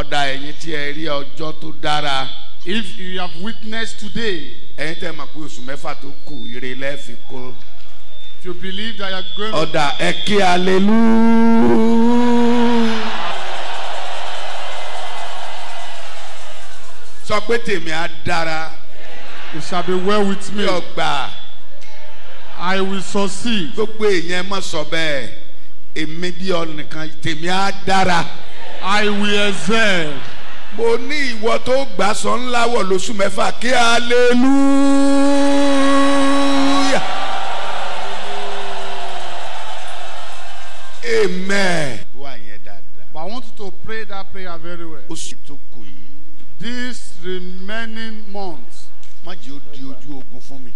ọ̀dà ẹ̀yin tí ẹ rí ọjọ́ tó dára. if you have witnessed today. ẹ̀yin tẹ́ mọ̀ pé oṣù mẹ́fà tó kù ire lẹ́ẹ̀fi kó. if you believe that you are going. ọ̀dà ẹ kí hallelujah. sọ pé tèmi á dára. it shall be well with me. yọ̀gbà. I will succeed. Gbogbo èèyàn mọ̀ sọ bẹ́ẹ̀, èmi bí ọ̀nìkan tèmi á dára. I will excel. Mo ní ìwọ tó gbà sọ ńlá wọ̀ lóṣù mẹ́fà kí hallelujah. Amen. But I want you to pray that prayer very well. Oṣù tó kù yìí. These remaining months. Má jẹ́ ó di ojú ogun fún mi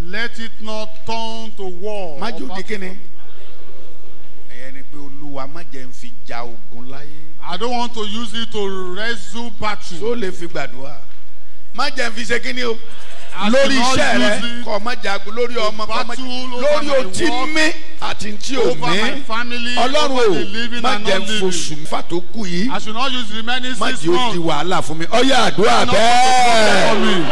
let it not turn to war. má jò di kíni. ẹ̀yẹ́ ni pé olúwa má jẹ́ fi ja ogun láyé. I don't want to use it to wrestle battle. tó lè fi gbàdúrà má jẹ́ n fi ṣe kíni o lórí iṣẹ́ rẹ kọ́ má jagun lórí ọmọ kọ́ má jagun lórí otí mi àti ntí ò mi ọlọ́run o má jẹ́ fosùn mi fàtó kù yìí má jẹ́ ó di wàhálà fún mi ọ̀yà àdúrà bẹ́ẹ̀.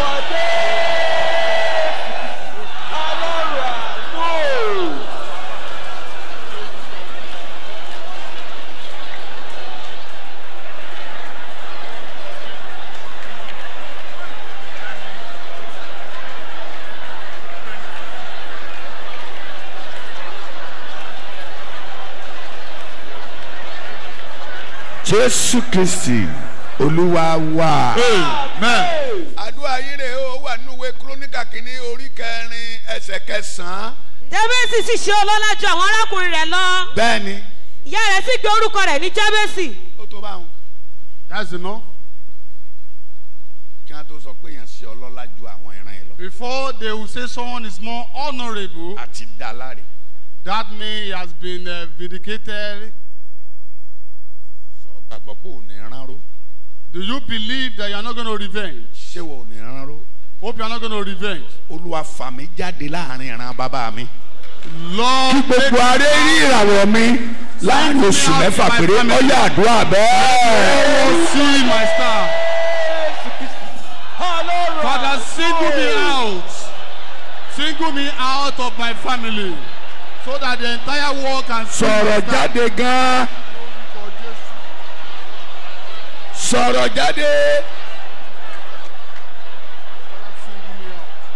jésù kristi olúwa wá. àdúrà yín rèé ó wà nínú ìwé kírónìkà kìíní orí kẹrin ẹsẹ̀ kẹsàn jabesi sì ṣe ọlọ́lá ju àwọn arákùnrin rẹ̀ lọ. bẹ́ẹ̀ni. ìyá rẹ̀ sì gbé orúkọ rẹ̀ ní jabesi. ó tó báwọn. that's enough. kí wọ́n tó sọ pé èèyàn ṣe ọlọ́lá ju àwọn ìran yẹn lọ. before they will say someone is more honourable. àti dalari. that means he has been uh, vindicated gbàgbọ́ pé ò ní ránró. do you believe that you are not going to revenge? ṣé wò ò ní ránró? hope you are not going to revenge. olúwa fà mí jáde láàrin ìran bàbá mi. lord kí gbogbo aré rí ìràwọ̀ mi láàrin oṣù mẹ́fà péré ọyá àdúrà bẹ́ẹ̀. I oh, see my star. Father, single me out. Single me out of my family so that the entire world can see my star. sọ̀rọ̀ jáde gan-an. sọ̀rọ̀ jáde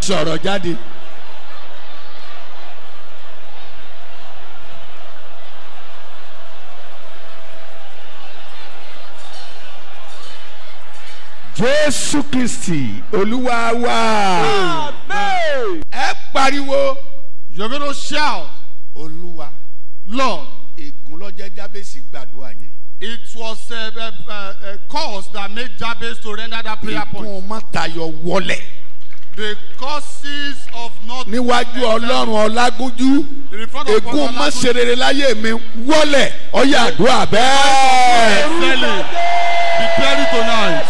sọ̀rọ̀ jáde. jésù kristi olúwa wa ẹ pariwo you're gonna shout olúwa lord ègún ló jẹ́ jábèsì gbàdúrà yẹn. It was a, a, a, a cause that made Jabez to render that prayer point. Ìkún má tayọ wọlẹ̀. The causes of not. Níwájú Ọlọ́run Ọlágúnjú. Ègún má ṣe rere láyé mi wọlẹ̀ ọyá àdúrà bẹ́ẹ̀. Be buried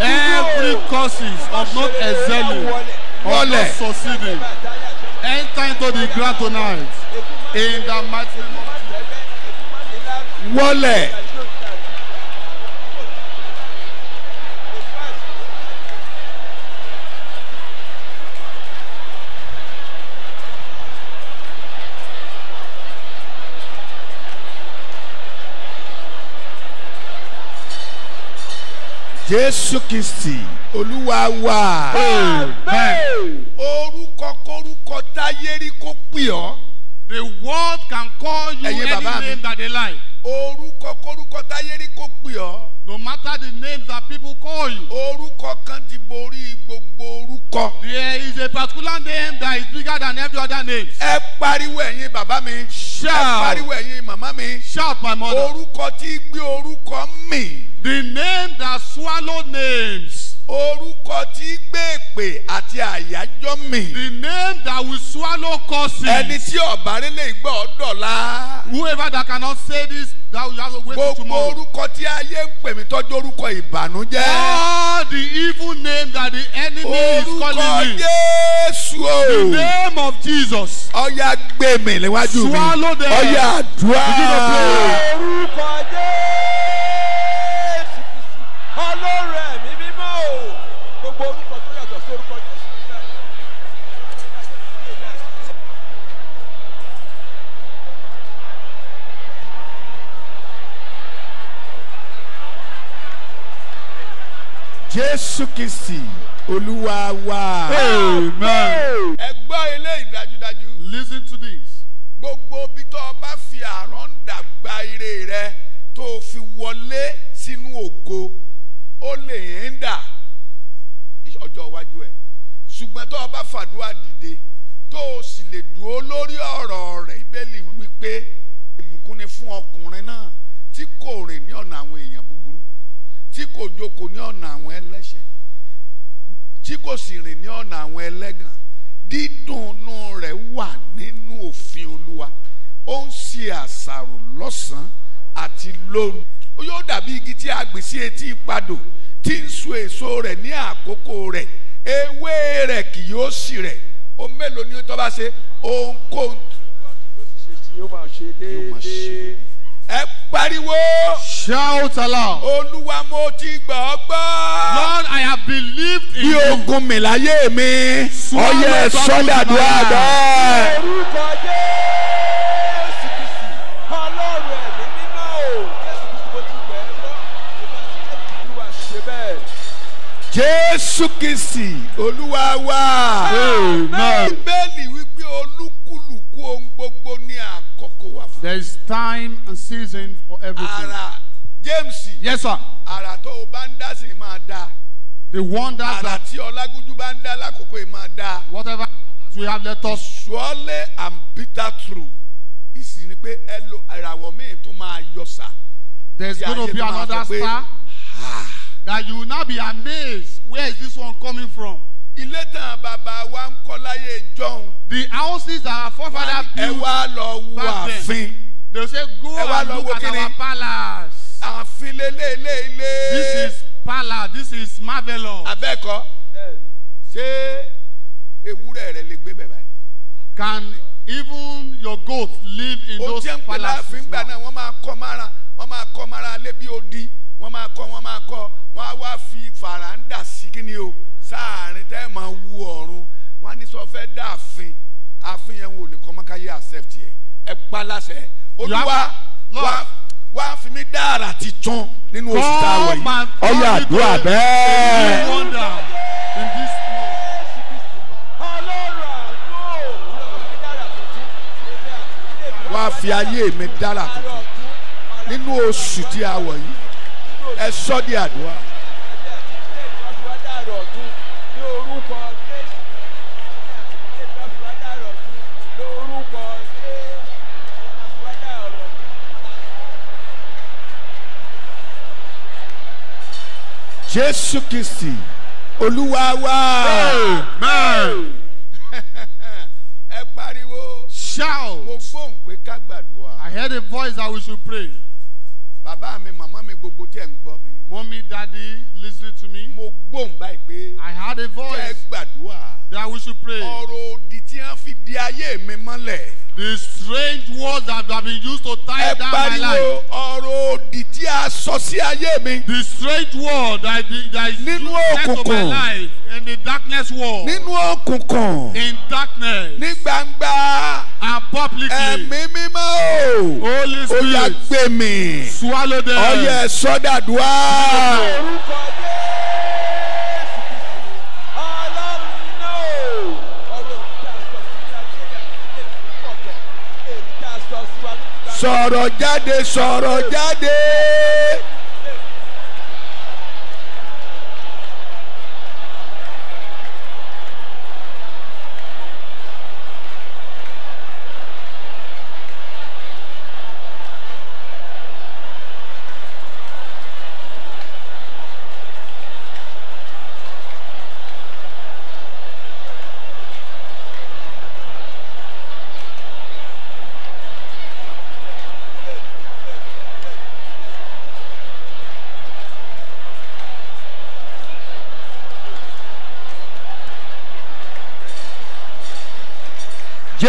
Every causes of not excelling or not succeeding enter into the ground tonight in the mighty name wọlẹ̀. jésù kristi olúwa wa. amen. orúkọ kórúkọ táyé rí kó pè ọ́. the world can call you any name that they like orúkọ kórúkọ táyé rí kó pè ọ́. no matter the name that people call you. orúkọ kan ti borí gbogbo orúkọ. there is a particular name that is bigger than every other name. ẹ pariwo ẹ̀yin bàbá mi. shout ẹ pariwo ẹ̀yin màmá mi. shout my mother. orúkọ tí gbé orúkọ mì. the name that swallow names. orúkọ tí gbé èpè àti àyájọ́ mi. the name that will swallow curses. ẹni tí ọ̀bá rí lè gbọ́ dọ̀la. whoever that cannot say this that will have to wait till tomorrow. gbogbo orúkọ tí ayé ń pè mí tọ́jú orúkọ ìbànújẹ́. all the evil name that the enemy orúkọ is calling me. orúkọ Jésù o. the name of Jesus. ọ̀ya gbé mi níwájú mi. swallow them. ọ̀ya àdúrà. orúkọ Jésù ọlọ́rẹ̀. jésù kristi olúwa wa. amen. ẹ gbọ́ eléyìí dájúdájú. listen to this. gbogbo bí tó o bá fi àrọ́ǹdà gba ire rẹ tó o fi wọlé sínú ògo ó lè ń dà ọjọ́ iwájú ẹ̀ ṣùgbọ́n tó o bá fàdúrà dìde tó o sì lè dúró lórí ọ̀rọ̀ rẹ̀ bíbélì wípé ìbùkún ni fún ọkùnrin náà tí kò rìn ní ọ̀nà àwọn èèyàn tí kò joko ní ọ̀nà àwọn ẹlẹ́ṣẹ̀ tí kò sì rìn ní ọ̀nà àwọn ẹlẹ́gàn dídùnnú rẹ̀ wà nínú òfin olúwa ó ń ṣe àṣàrò lọ́sàn-án àti lóru ó yóò dàbí igi tí a gbìn sí etí ìpadò tí ń so èso rẹ̀ ní àkókò rẹ̀ ewé rẹ̀ kì yóò sì rẹ̀ o mélòó ni ó tọ́ bá ṣe ohunkóhun. yóò máa ṣe déédéé. ẹ pariwo. shout aloud. olúwa mo ti gbọ́ gbọ́. lord i have believed in you. bí ogun mi láyé mi. ọyẹ sọ́dà dùn àgbà. orúkọ jésù kìsì ọlọ́run ẹ̀mí mímọ́ o jésù kìsì mo ti gbẹ̀ ẹ́ gbọ́ olúwa ṣe bẹ́ẹ̀. jésù kìsì olúwa wá. bẹ́ẹ̀ ni wípé olùkọ́. There is time and season for everything. James. Yes, sir. Ara tó o bá ń The wonders ara that. Ara tí Ọlágúnjú bá ń dá lákòókò yìí Whatever we have let us. Surely and bitter true. Ìsìn ni pé ẹ lo ìràwọ̀ míì tó máa going to be another star. Ah. that you will now be amazed. Where is this one coming from? ilé tàn bàbá wa ń kọ́ láyé jọ́hun. the houses our forefathers built. ẹ wá lọ wo àfin. they say go and look at our palace. àfin lélẹ̀ ilé ilé. this is palace this is marvelous. abẹ́ẹ̀kọ́ ṣé ewúrẹ́ rẹ lè gbé bẹ̀ can even your goat live in those palaces now. o jẹ́ pé láàfin gbà náà wọ́n máa kọ́ mára wọ́n máa kọ́ mára lé bí odi wọ́n máa kọ́ wọ́n máa kọ́ wọ́n á wá fi fàràǹdà sí kí ni o sáàárín tẹ́ ẹ̀ máa wú ọ̀run wọ́n á ní sọ fẹ́ dá àfin àfin yẹn wò nìkan mọ́ ká yé accept yẹ ẹ pa láṣẹ olúwa wá wá fi mí dá àrà ti tán nínú oṣù tá a wọ̀ yìí ọyọ àdúrà bẹ́ẹ̀. wá fi ayé mi dára tuntun nínú oṣù tí a wọ̀ yìí ẹ sọ́ di àdúrà. jésù kristi olúwa wá. ẹ pariwo. shout. mo gbóhùn pé ká gbàdúrà. I heard a voice that we should pray. bàbá mi màmá mi gbogbo jẹ́ ń gbọ́ mi. mọ́mí dadi lis ten to me. mo gbóhùn báyìí pé. I heard a voice. jẹ́ gbàdúrà. that we should pray. ọ̀rọ̀ òdì tí wọ́n fi di ayé mi mọ́lẹ̀. The strange words that have been used to tie down my life. Ẹ pariwo ọ̀rọ̀ òdì tí a sọ sí ayé mi. The strange words that been that is Nínú òkùnkùn. to my life in the darkness world. Nínú òkùnkùn. In darkness. Ní gbangba. And publicly. Ẹ̀mí mímọ́ o. Holy spirit. Ó mi. Swallow them. Ọyẹ sọ́dàdúrà. Orúkọ Jésù. sọ̀rọ̀ jáde sọ̀rọ̀ jáde.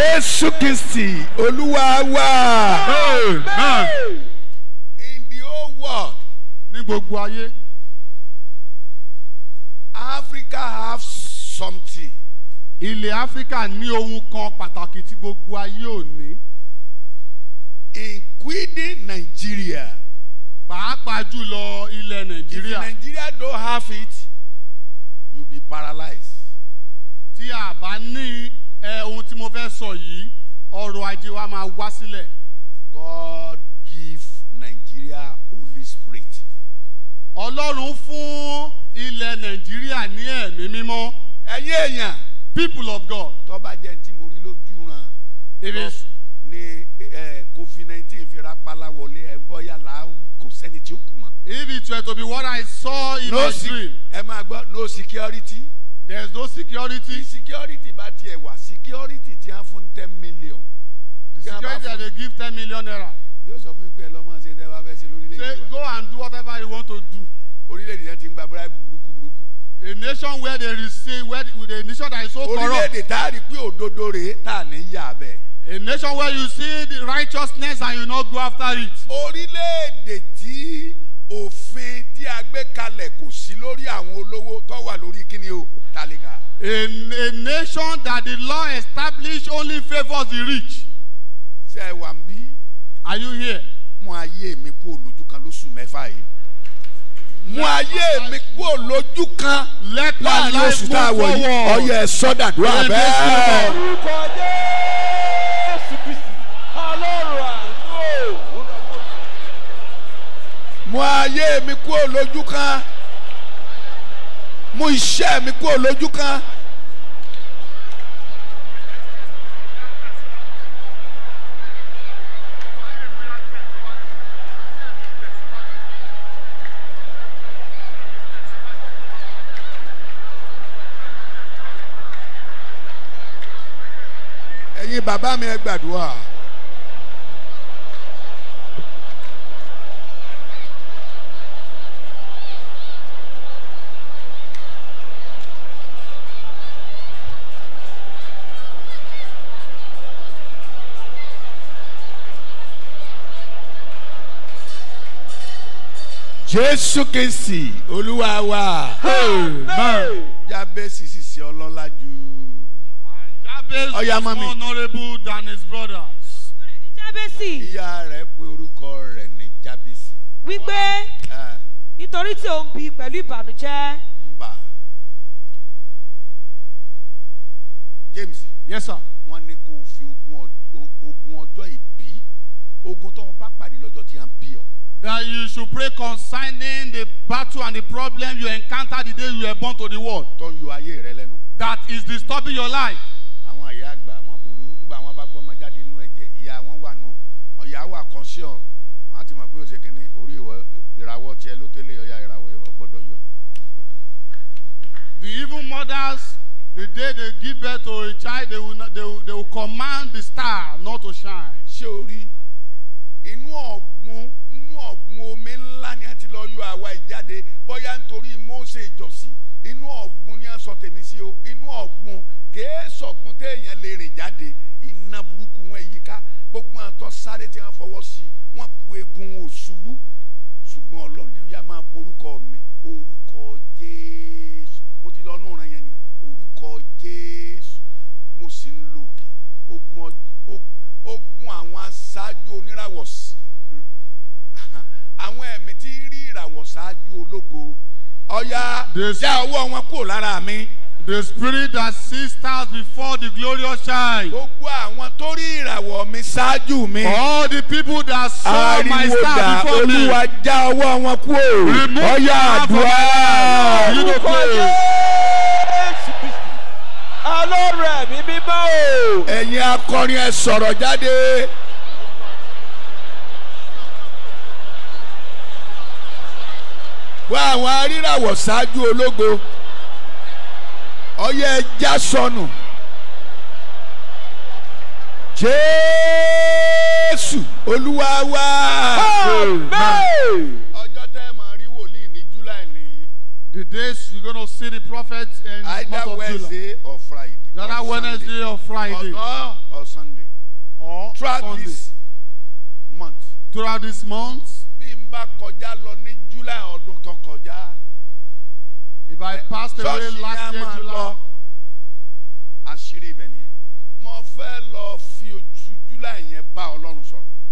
Jésù Kristi Olúwa wá. In the whole world ní gbogbo ayé Africa have something. Ilẹ̀ Áfíríkà ní ohun kan pàtàkì tí gbogbo ayé ò ní. Including Nigeria. Pàápàá jùlọ ilẹ̀ Nàìjíríà. If Nigeria don't have it, you be paralyzed. Tí a bá ní ohun tí mo fẹ́ sọ yìí ọrọ̀ ajé wa máa wá sílẹ̀. God give Nigeria Holy Spirit. Ọlọ́run fún ilẹ̀ Nàìjíríà ní ẹ̀mí mímọ́. Ẹ̀yin èèyàn. People of God. Tó bá jẹ́ tí mo rí lójú ran. Ìbí. Ní COVID nineteen fi rapala wọlé ẹ̀ ń bọ́ yàrá kò sẹ́ni tí ó kù mọ́. If it were to be what I saw in no my dream. no security there is no security. bí security bá tiẹ̀ wà security ti hàn fún ten million. the security that they give ten million naira. yóò sọ fún mi pé ẹ lọ́mọ ṣe tẹ́ wá fẹ́ ṣe lórílẹ̀-èdè wa. say go and do whatever you want to do. orílẹ̀-èdè yẹn ti ń gba bribe burúkú burúkú. a nation where they receive where the, a nation that is so corrupt. orílẹ̀-èdè tá a rí pé òdodo rèé tá a ní yà bẹ́ẹ̀. A nation where you see the righteousness and you not go after it. orílẹ̀-èdè tí òfin tí a gbé kalẹ̀ kò sí lórí àwọn olówó tó wà lórí kíni o tálíkà. a a nation that the law established only favours the rich. ṣé ẹ wà ń bí. are you here. mú ayé mi kú olójú kan lóṣù mẹ́fà yìí mú ayé mi kúrò lójú kan láàrin oṣù tá a wọ̀ yìí ọyẹ sọ́dà dúró abẹ́ẹ́. mú ayé mi kúrò lójú kan mú iṣẹ́ mi kúrò lójú kan. ẹ̀yin bàbá mi ẹ gbàdúrà. jésù kristi olúwa wa amen jabesi sì sí ọlọ́lá jù. jabesi oh, yeah, is more honourable than his brothers. jabesi. ìyá rẹ̀ pe orúkọ rẹ̀ ní jabesi. wípé ah. nítorí tí òun bí pẹ̀lú ìbànújẹ́. mbà james. yes sir. wọ́n ní kó o fi ogún ọjọ́ ìbí ogún tó o bá pàdé lọ́jọ́ tí a ń bí ọ that you should pray concerning the battle and the problem you encountered the day you were born to the world. tó yọ ayé rẹ lẹ́nu. that is disturbing your life. àwọn àyà àgbà wọn burú ńgbà wọn bá gbọ́mọ jáde inú ẹ̀jẹ̀ ìyá wọn wà nù ọ̀yà wà conscious wọn á ti mọ̀ pé òsè kínní orí ìwọ ìràwọ̀ tiẹ̀ ló tẹ́lẹ̀ ọ̀yà ìràwọ̀ ẹ̀ ọ̀gbọ́dọ̀ yọ. the evil mothers the day they give birth to a child they will, not, they will, they will command the star not to shine. ṣé o rí inú ọ̀gbun inú ọ̀gbun omi ńlá ni a ti lọ yọ àwa ìjáde bóyá nítorí Mósè ìjọsí inú ọ̀gbun ni a sọ tèmi sí o inú ọ̀gbun kèé sọ̀gbun téèyàn lè rìn jáde iná burúkú wọn èyí gbogbo àtọ́ sáré tí wọ́n fọwọ́ sí wọ́n ku egun òṣùbù ṣùgbọ́n ọlọ́run yá máa porúkọ mi orúkọ Jésù mo ti lọ nù yẹn ni orúkọ Jésù mo sì ń lò kí ogun àwọn aṣáájú oníràwọ̀ àwọn ẹ̀mí tí rí ìràwọ̀ ṣáájú ológo ọ̀yá já ọwọ́ wọn kúrò lára mi. The spirit that sees stars before the glorious shine. Gbogbo àwọn tó rí ìràwọ̀ mi ṣáájú mi. All the people that saw my star before me. Ariwo dà Olúwa já ọwọ́ wọn kúrò. Remove the star from my alóore mi bá o. ẹ̀yin akọrin ẹ sọ̀rọ̀ jáde. wá àwọn aríràwọ̀ ṣáájú ológo ọyẹ ẹja sọnù jésù olúwa wá. amen. amen. The days you're going to see the prophet in Either month of Wednesday July. or Friday. Either or Wednesday Sunday. or Friday. Or, or Sunday. Or throughout Sunday. this month. Throughout this month. If I eh, passed away last year July. Lọ,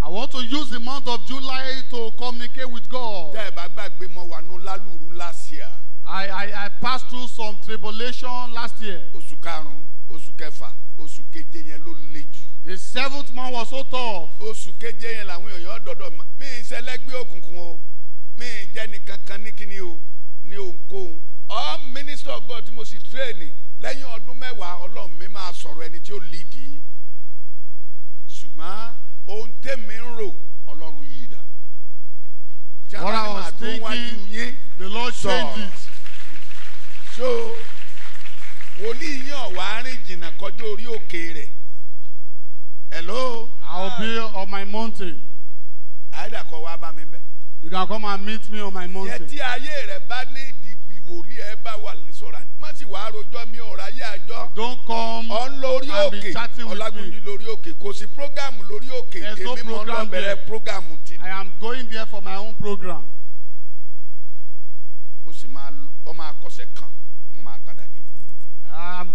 I want to use the month of July to communicate with God. Tẹ́ ẹ I, I, I passed through some tribulation last year. Oṣù karùn-ún, oṣù kẹfà, oṣù keje yẹn ló le jù. The seventh month was so tough. Oṣù keje yẹn làwọn èèyàn dọ̀dọ̀ ma. Mi ì sẹlẹ́gbẹ́ òkùnkùn o, mi ì jẹ́ nìkan kan ní kíni o, ní ohunkóhun. All minister of God tí mo sì tírèènì lẹ́yìn ọdún mẹ́wàá ọlọ́run mi máa sọ̀rọ̀ ẹni tí ó lìdí. Ṣùgbọ́n ohun tèmi ń rò ọlọ́run yìí dà. What I was thinking, the Lord changed it so wòlíì yín ọ̀wá rìn jìnnà kọjá orí òkè rẹ̀ hello. I will be on my mountain. àyẹ̀dà kọ wá bá mi bẹ̀. you can come and meet me on my mountain. yẹ tí ayé rẹ bá ní ìdìbì wòlíì ẹ bá wà lẹ́sọ̀rọ̀ má sì wàá rojọ́ mi ò ráyé àjọ. don't come and be chatting with me. ọlágúnjú lórí òkè kò sí programu lórí òkè èmi mọ̀ lọ bẹ̀rẹ̀ programu tì. I am going there for my own program. mo sì máa ọ máa kan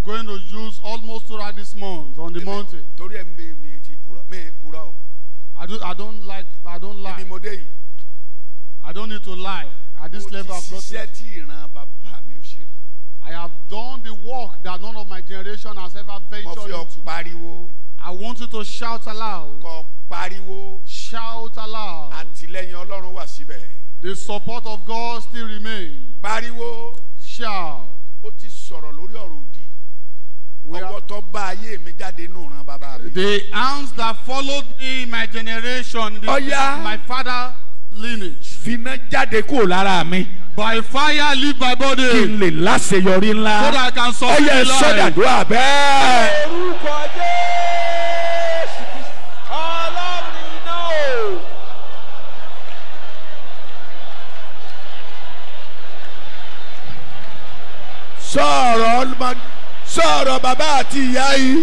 going to use almost throughout this month on the mountain. torí ẹ̀ mi ti kura mi kura o. I don't, I don't like I don't lie. Èmi mo dé I don't need to lie at this level I've got. Mo ti mi ò ṣe I have done the work that none of my generation has ever ventured into. Mo fi pariwo. I want you to shout aloud. Kọ pariwo. Shout aloud. Àtìlẹ́yìn Ọlọ́run wà síbẹ̀. The support of God still remains. Pariwo. Shout. Ó ti sọ̀rọ̀ lórí ọ̀rọ̀ òdì ọwọ́ bá ayé mi jáde nù ràn bàbá mi. the hands that followed me in my generation. ọya my father lineage. finá jáde kúrò lára mi. by fire leave my body. kí n lè láṣeyọrí ńlá. so that I can survive life. ọyẹ sọdàdúrà bẹ́ẹ̀. orúkọ jésù sọ̀rọ̀ ọlọ́mọdé sọ̀rọ̀ bàbá àti ìyá yìí.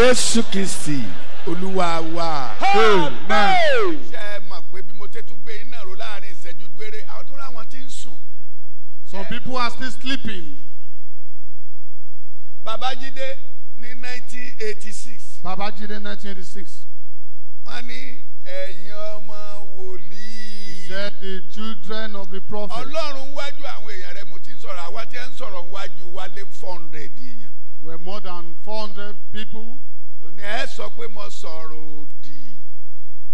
jésù kristi olúwa wa. amen. ṣe mọ̀ pé bí mo ṣe tún gbé iná ro láàrin ìṣẹ́jú gbére àwọn tó ráwọn ti ń sùn. some people are still sleeping. babájídé ní nineteen eighty six. babájídé nineteen eighty six. wọ́n ní ẹ̀yin ọmọ wòlíì. said the children of the prophet. ọlọ́run wájú àwọn èèyàn rẹ̀ mo ti ń sọ̀rọ̀ àwa tí ń sọ̀rọ̀ wájú wa four hundred èèyàn were more than 400 people. Ní ẹ sọ pé mo sọ̀rọ̀ òdì.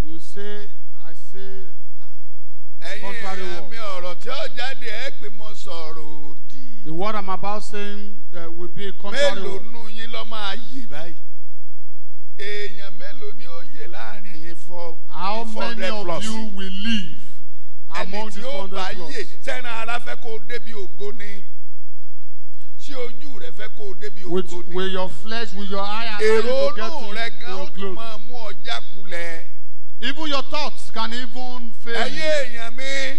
You say I say contrary word. Ẹ̀yin àmì ọ̀rọ̀ tí ó jáde ẹ pé mo sọ̀rọ̀ òdì. The word I'm about saying uh, will be contrary word. Mélòó nù yín lọ́ máa yè báyìí? Èèyàn mélòó ni ó yè láàrin yín fọ́? How many of you will live among the 400? plus? Ẹni tí ó bá yè, sẹ́ran ara fẹ́ kó débi ògo ni tí ojú rẹ fẹ́ kó o débi ògo ni. with your flesh with your eye and eye to get your glory. èrò rẹ gan ó tún máa mú ọjà kulẹ̀. even your thoughts can even fail. ẹyẹ èèyàn mi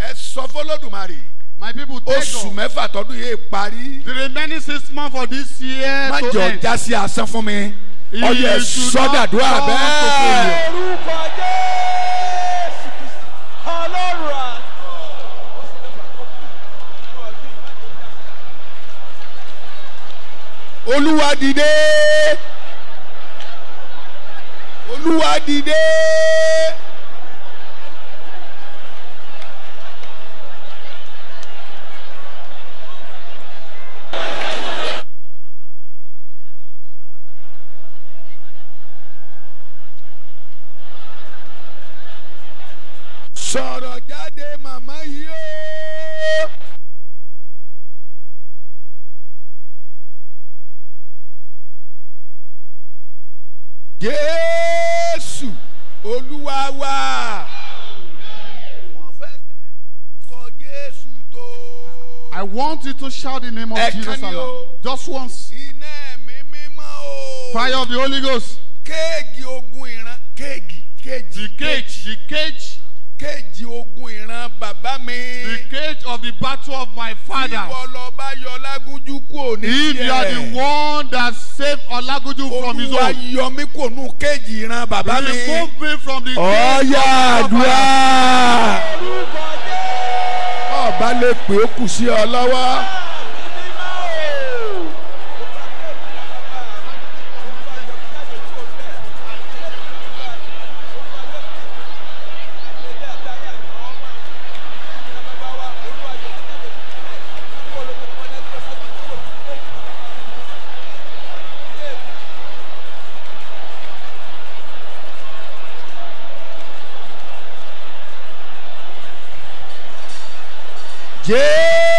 ẹ sọ fọlọ́dùmarè. my people take off. oṣù mẹ́fà tọdún yìí parí. the remaining six months for this year to end. má jọ já sí asán fún mi. ọyẹ sọdàdúrà bẹ́ẹ̀. orúkọ jésù ọlọ́run olúwa dìde olúwa dìde. jésù olúwa wa. I want you to shout the name of Jesus alone. Just once. Fire of the Holy Ghost. Kéèkì ogun ìran. Kéèkì. Kéèkì. The cage. The cage ìkéjì ogun ìran bàbá mi. the cage of the battle of my father. ìwọ lọ bá yọ Ọlágúnjú kúrò ní tiẹ̀. if you are the one that saved Ọlágúnjú from his own. Olúwa yọ mí kò nù kéjì ìran bàbá mi. remove me from the cage of my father. ọ̀ya àdúrà. ọba lè pè é kù sí ọ lọ́wọ́. Cheio!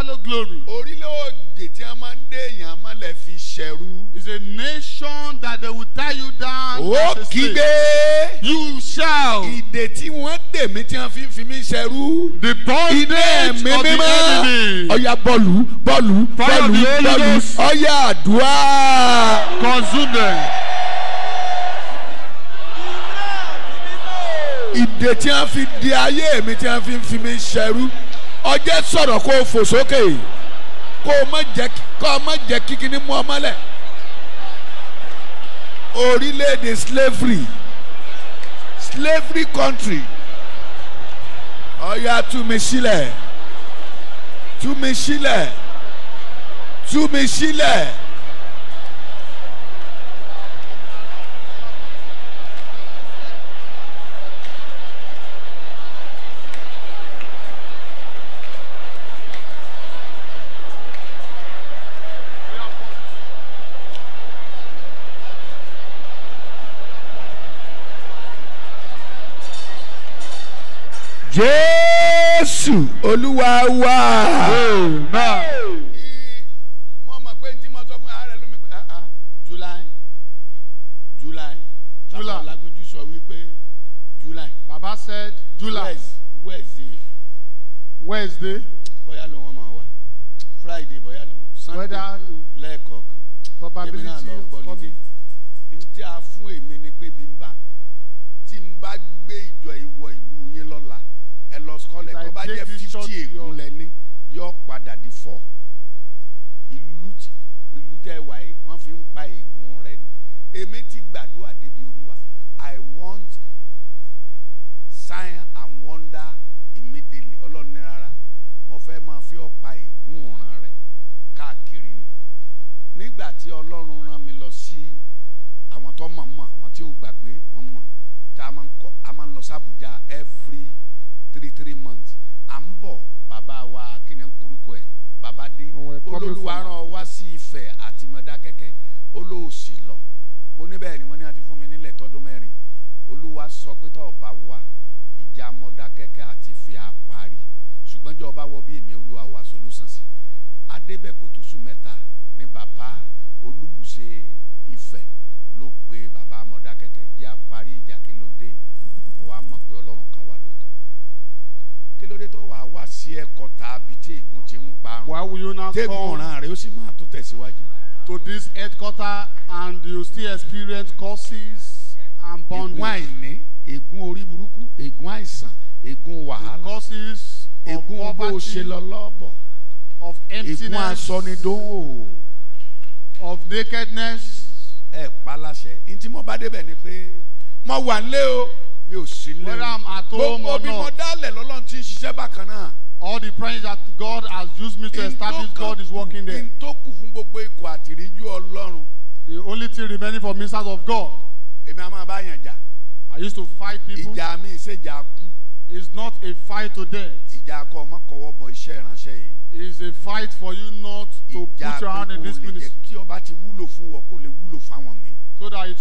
shallow glory. Orílẹ̀-èdè tí a máa ń dé èèyàn mọ́lẹ̀ fi ṣẹ̀rú. is a nation that they will tie you down. Ó You shall. Ìdè tí wọ́n dè mí tí wọ́n fi fi mí ṣẹ̀rú. The bondage of the enemy. Ọ̀ya bọ́ọ̀lù bọ́ọ̀lù bọ́ọ̀lù bọ́ọ̀lù ọ̀ya àdúrà. Consume them. ìdè tí wọ́n fi di ayé mi tí wọ́n fi fi mi ṣẹrú ọjẹ́ sọ̀rọ̀ kó o fò sókè kó o má jẹ́ kó o má jẹ́ kíkiní mú ọ mọ́lẹ̀ orílẹ̀-èdè slavery slavery country ọ̀ya tú mi sílẹ̀ tú mi sílẹ̀ tú mi sílẹ̀. jésù olúwa wa. wọ́n mọ̀ pé tí mo sọ fún ààrẹ lómi pé ah, ah, july july july ọ̀làgójú sọ wípé july. baba said july wednesday. wednesday. bóyá ló wọ́n máa wá friday bóyá ló sunday lẹ́ẹ̀kọ̀ọ̀kan. probability of coming. tí a fún èmi ni pé bí n bá tí n bá gbé ìjọ ìwọ ìlú yín lọ́la ẹ lọ sọlẹ̀ tó bá jẹ́ fifty ègún lẹ́ni yọ padà di four ìlú ìlú tẹ wà yìí wọ́n fi ń pa ègún rẹ ni èmi ti gbàdúrà débi olúwa I want sign and wonder immediately ọlọ́run ní rárá mo fẹ́ máa fi ọ̀pá ègún ọ̀ràn rẹ káàkiri ni nígbà tí ọlọ́run rán mi lọ sí àwọn tó mọ̀ mọ̀ àwọn tí ò gbàgbé wọn mọ̀ tá a máa ń lọ sí Àbújá every three three months à ń bọ̀ wa kí ni ń porúkọ ẹ̀ bàbá dé olólùwà rán wá sí Ifẹ̀ àti Mọ̀dákẹ́kẹ́ olóòsì lọ mo ní bẹ́ẹ̀ ni wọ́n ní wọ́n ti fún mi nílẹ̀ tọ́dún mẹ́rin olúwa sọ pé tó bá wá ìjà Mọ̀dákẹ́kẹ́ àti Ifẹ̀ á parí ṣùgbọ́n jọ ọba wọ bí èmi olúwa wà solúsàn sí adébẹ̀ kò tó sùn mẹ́ta ni bàbá olúbùṣe Ifẹ̀ ló pe bàbá Mọ̀dákẹ́kẹ́ jẹ́ á ìjà kí tí ẹ tàbí tí ègún ti ń parun. why will you not come ọ̀ràn rẹ̀ ó sì máa tó tẹ̀síwájú. to this headquarter and you still experience curses and bondage. ègún àìní ègún orí burúkú ègún àìsàn ègún wàhálà. the curses ègún bó o ṣe lọ lọ́bọ̀. of emptiness ègún asọnidówó. of nakedness. ẹ paláṣẹ ntí mo bá débẹ̀ ni pé mo wà nílé o mi ò sí nílé o gbogbo bí mo dálẹ̀ lọ́lọ́run ti ń ṣiṣẹ́ bákan náà. All the praise that God has used me to establish, God is working there. The only thing remaining for ministers of God, I used to fight people. It's not a fight to death. It's a fight for you not to put your hand in this ministry so that it will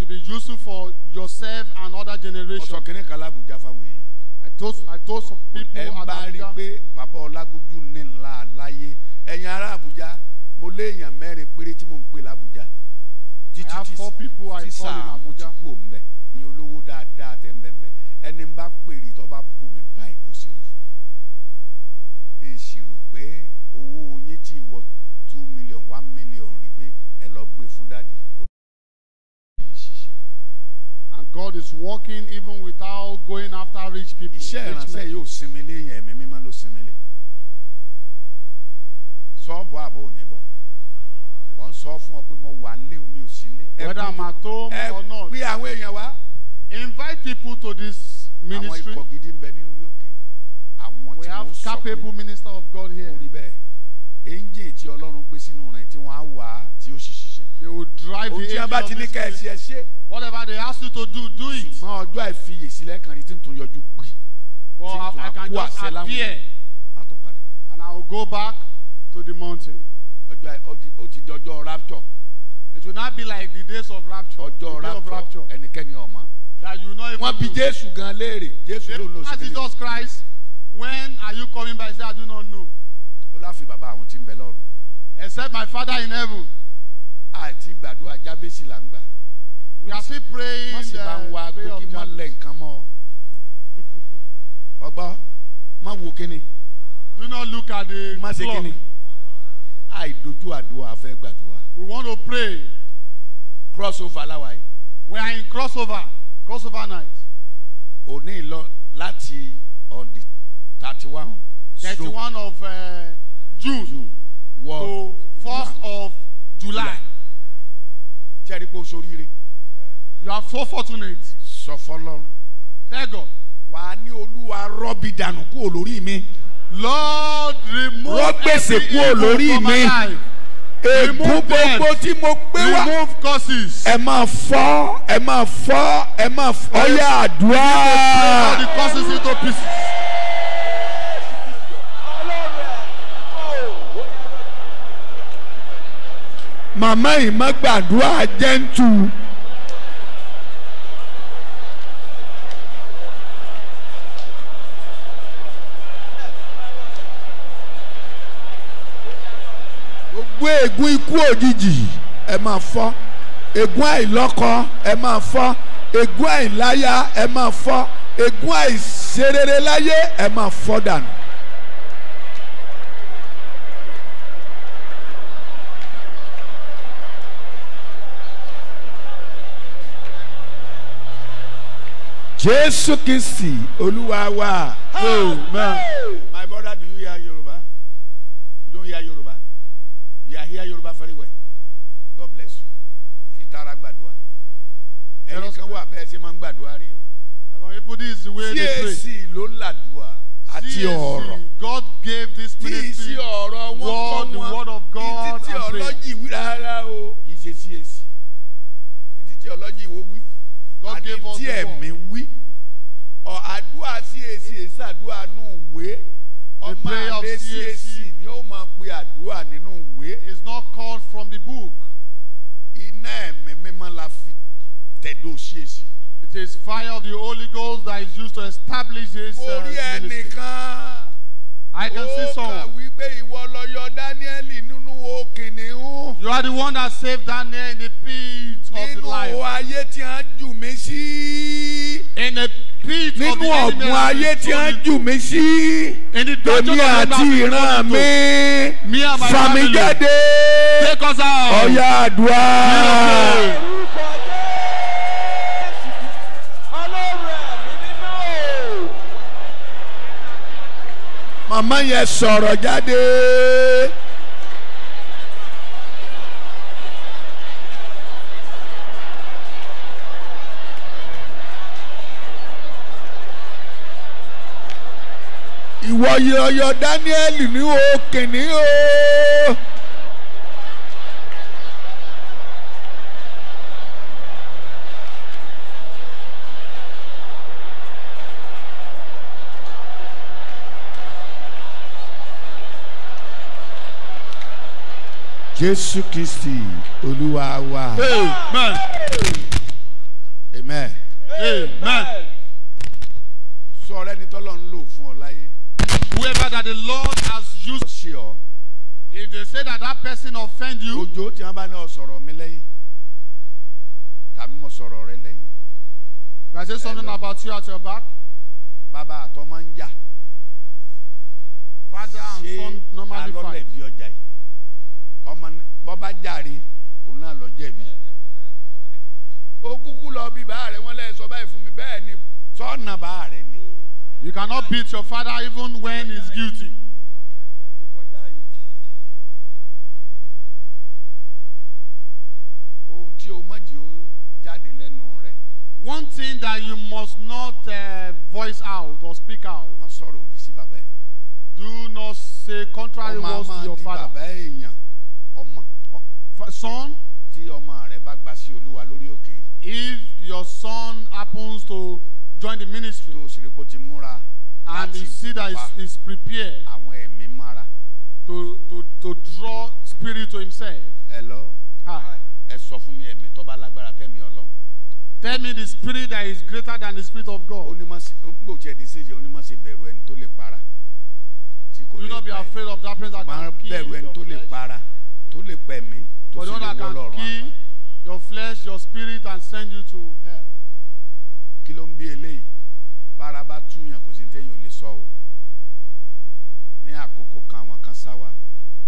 be useful for yourself and other generations. I told I told some people at Abuja. ẹ bá rí i pé bàbá Ọlágúnjú ní ńlá láyé ẹ̀yin ará Abuja mo léèyàn mẹ́rin péré tí mò ń pè l'Abuja títí tí sáà mo ti kú òǹbẹ ní olówó dáadáa tẹ̀ ń bẹ́ẹ̀ bẹ́ẹ̀ ẹni bá pèrè tó bá bù mí báyìí ló ṣe rí n sì rò pé owó yín tí ìwọ two million one million rí pé ẹ lọ gbé fún dáàdi kò God is working even without going after rich people. Iṣẹ́ ìránṣẹ́ say sinmi lé yẹn ẹ̀mí mímọ́ ló sinmi lé. Sọ́ọ̀bù àbò ò ní bọ́. Whether I'm at home or not. Ẹ pé àwọn èèyàn wá. Invite people to this ministry. We have capable minister of God here engine tí ọlọ́run gbé sínú rẹ̀ tí wọ́n á wà á tí ó sì ṣiṣẹ́. they will drive the engine of this business. òjì abátí ní ká ẹ ṣe ẹ ṣe. whatever they ask you to do do it. ṣùgbọ́n ọjọ́ àìfiyèsí lẹ́kàn rí tí n tún yọjú gbì. but I can just appear and I will go back to the mountain. ọjọ́ ó ti di ọjọ́ rapture. it will not be like the days of rapture. ọjọ́ rapture ẹnikẹ́ni ọ̀ma. that you know even wọ́n bi Jésù gan léèrè Jésù ló nọ sí kẹ́lẹ́. they ask Jesus Christ when are you coming by say I do not know ó láfi bàbá àwọn tí ń bẹ lọ́run. except my father in heaven. àti gbàdúrà jábèsì là ń gbà. we are still praying the prayer of jabez. wọ́n sì bá ń wa kókí má lẹ̀ nǹkan mọ́ ọgbọ́ má wo kíni. do not look at the clock. má ṣe kíni. àìdojú àdúrà fẹ́ gbàdúrà. we want to pray. crossover láwa yìí. we are in crossover crossover night. òní lọ láti on the thirty one thirty-one of uh, June, June to first of July jẹ́rìí pé o you are so fortunate. sọ fọlọ́run. tell God. wà á ní olúwa rọ́bì dànù kúrò lórí mi. Lord remove every gbèsè kúrò lórí mi. Ègún gbogbo tí mo gbé wá. Remove curses. Ẹ máa fọ́, ẹ máa fọ́, ẹ máa fọ́. Ọyá àdúrà. Remove the curses into pieces. màmá ìmọ̀gbàdúrà jẹ́ǹtù. gbogbo ègún ikú òjijì ẹ máa fọ́ ègún àìlọ́kọ ẹ máa fọ́ ègún àìláya ẹ máa fọ́ ègún àìṣerere láyé ẹ máa fọ́ dànù. Jésù Kristi Oluwawa. Amen. My brother, do you hear Yoruba? You don't hear Yoruba? You are hear Yoruba very well. God bless you. Itara gbàdúrà. Ẹni kan wà bẹ́ẹ̀ ṣe máa ń gbàdúrà rèé o. CAC ló làdúrà. Àti ọ̀rọ̀. God gave this ministry. Tí ìsí ọ̀rọ̀ wọn kọ́ wọn. Word the word of God. Títí ọ̀rọ̀ yìí rárá o. Kì í ṣe CAC. God gave us the word. Or àdúrà CAC èsì àdúrà nù ìwé. Ọmọ àlẹ́ CAC ni ó máa pe àdúrà nínú ìwé. It's not called from the book. Iná ẹ̀mí mímọ́ la fi tẹ̀dó CAC. It is fire of the Holy Ghost that is used to establish his uh, ministry. Mo ẹnìkan. I can see someone. Ó kà wípé ìwọ lọ yọ Daniel nínú You are the one that saved Daniel in the pit of the life. Nínú ayé tí a jù mí In the pit of the enemy. Nínú ọ̀gbun ayé tí a jù In the dungeon of the enemy. Take us out. Oh yeah, dua. Mama, yẹn sọ̀rọ̀ jáde. ìwọ yọyọ Daniel ní òkìní o. Jésù Kristi Olúwa wa. Amen. Amen. Amen. Amen that the Lord has used you. If they say that that person offend you. Òjò tí wọ́n bá ní ọ̀sọ̀rọ̀ mi lẹ́yìn. Tàbí mo sọ̀rọ̀ rẹ lẹ́yìn. If I say something about you at your back. Bàbá àtọmọ ń jà. Father and son normally fight. Ṣé alọ́lẹ̀ bí ọjà yìí? Ọmọ bọ́bá jàre òun náà lọ jẹ̀bi. Ó kúkú lọ bí bàá rẹ̀ wọ́n sọ báyìí fún mi bẹ́ẹ̀ ni sọ́ọ̀nà bàá ni. You cannot beat your father even when he's guilty. One thing that you must not uh, voice out or speak out. Do not say contrary words to your father. Son, if your son happens to join the ministry. and you see that he's prepared. to to to draw spirit to himself. hello. hi. sọ tell me the spirit that is greater than the spirit of God. tó do not be afraid of that that can kill your flesh. tó but the one that can kill your flesh your spirit and send you to hell. kí ló ń bí eléyìí bára bá túyàn kò sí téèyàn ò lè sọ o ní àkókò kan àwọn kan sá wá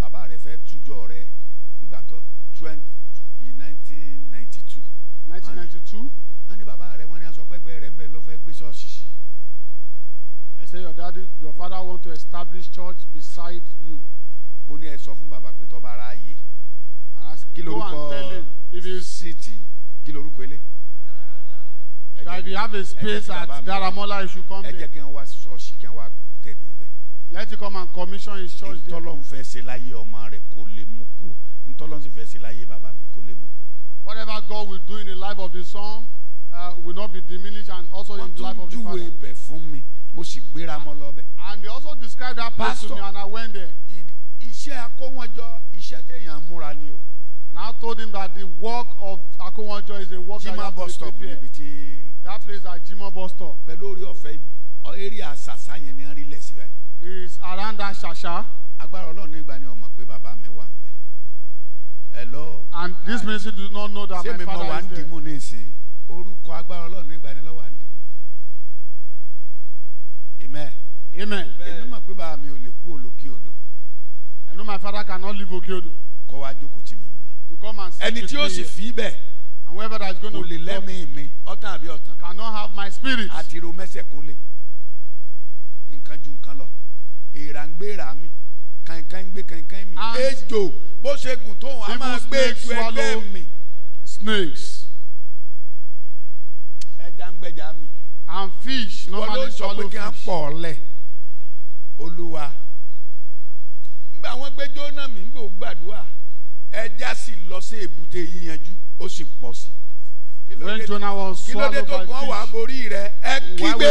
bàbá rẹ fẹ́ tújọ rẹ nígbà tó twenty nineteen ninety two. nineteen ninety two. wọ́n ní bàbá rẹ wọ́n ní aṣọ pẹ́gbẹ́ rẹ̀ ń bẹ̀ ló fẹ́ gbé ṣọ́ọ̀ṣì I say your daddy your father want to establish church beside you. mo ní ẹ sọ fún bàbá pé tó bá ráàyè. kí lorúkọ city kí lorúkọ ilé that if you have a space at Daramola, you should come there. Let him come and commission his church there. Whatever God will do in the life of the son uh, will not be diminished and also in the life of the father. Wọ́n And they also described that place Pastor, to me and I went there. And I told him that the work of Akowanjo is a work Jima that bus stop níbi tí. That place at Jima bus stop. Pẹ̀lú orí ọ̀fẹ́ area ṣàṣà yẹn ni wọ́n rí lẹ̀ sí báyìí. It's around that ṣàṣà. Agbára Ọlọ́run nígbà ni ọmọ pé bàbá mi wà níbẹ̀. Hello. And this ministry do not know that my father is there. Ṣé mi mọ wà ń dìímù ní ìsìn? Orúkọ agbára Ọlọ́run nígbà ni lọ́wọ́ à ń dìímù. Amen. Amen. Èmi mọ̀ pé bàbá mi ò lè kú òlòkè odò. I know my father cannot live òkè odò. Kọ́ wa jókòó tì mí to come and sit ẹni tí ó sì fi bẹ́ẹ̀ and whoever that is going to lè lẹ́mìí mi ọ̀tàn àbí ọ̀tàn cannot have my spirit àti ro mẹ́sẹ̀ kó lè nǹkan ju nǹkan lọ èèrà ń gbéra mi kankan ń gbé kankan mi ejò bó ṣe gùn tó a máa gbé ejò ẹgbẹ́ mi snakes ẹja ń gbẹja mi and fish normally swallow fish. wọ́n ló sọ pé kí wọ́n pọ̀ ọ̀lẹ̀ olúwa nígbà wọ́n gbé jóná mi ń gbò gbàdúrà ẹja sì lọ sí èbúté yíyanjú ó sì pọ̀ sí. kí ló dé tó gbọ́n wàá borí rẹ ẹ kígbe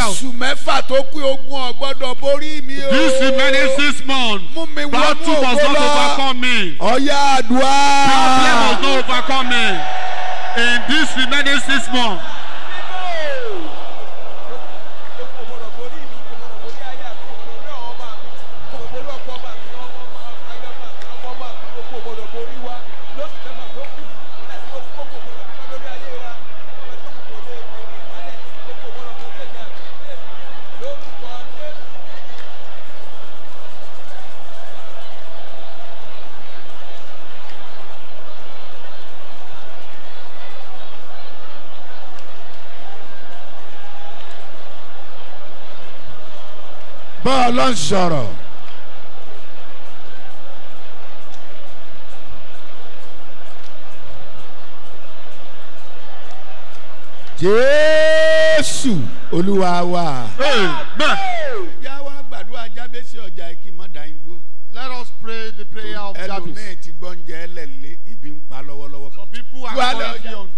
oṣù mẹ́fà tó pé ogún ò borí mi o. this is many six months. mú mi wọnú ògbó lọ ọ̀yá àdúrà. problem must not overcome me in this remaining six months. ń sọ̀rọ̀. Jésù Olúwa wa. Ìyá wa gbàdúrà Jábésì ọjà kí n má dúró. Let us pray the prayer of Jabez. Ẹlòmíì ti gbọ́njẹ ẹlẹ́lẹ́ ibi ń pa lọ́wọ́lọ́wọ́. Some people are already on.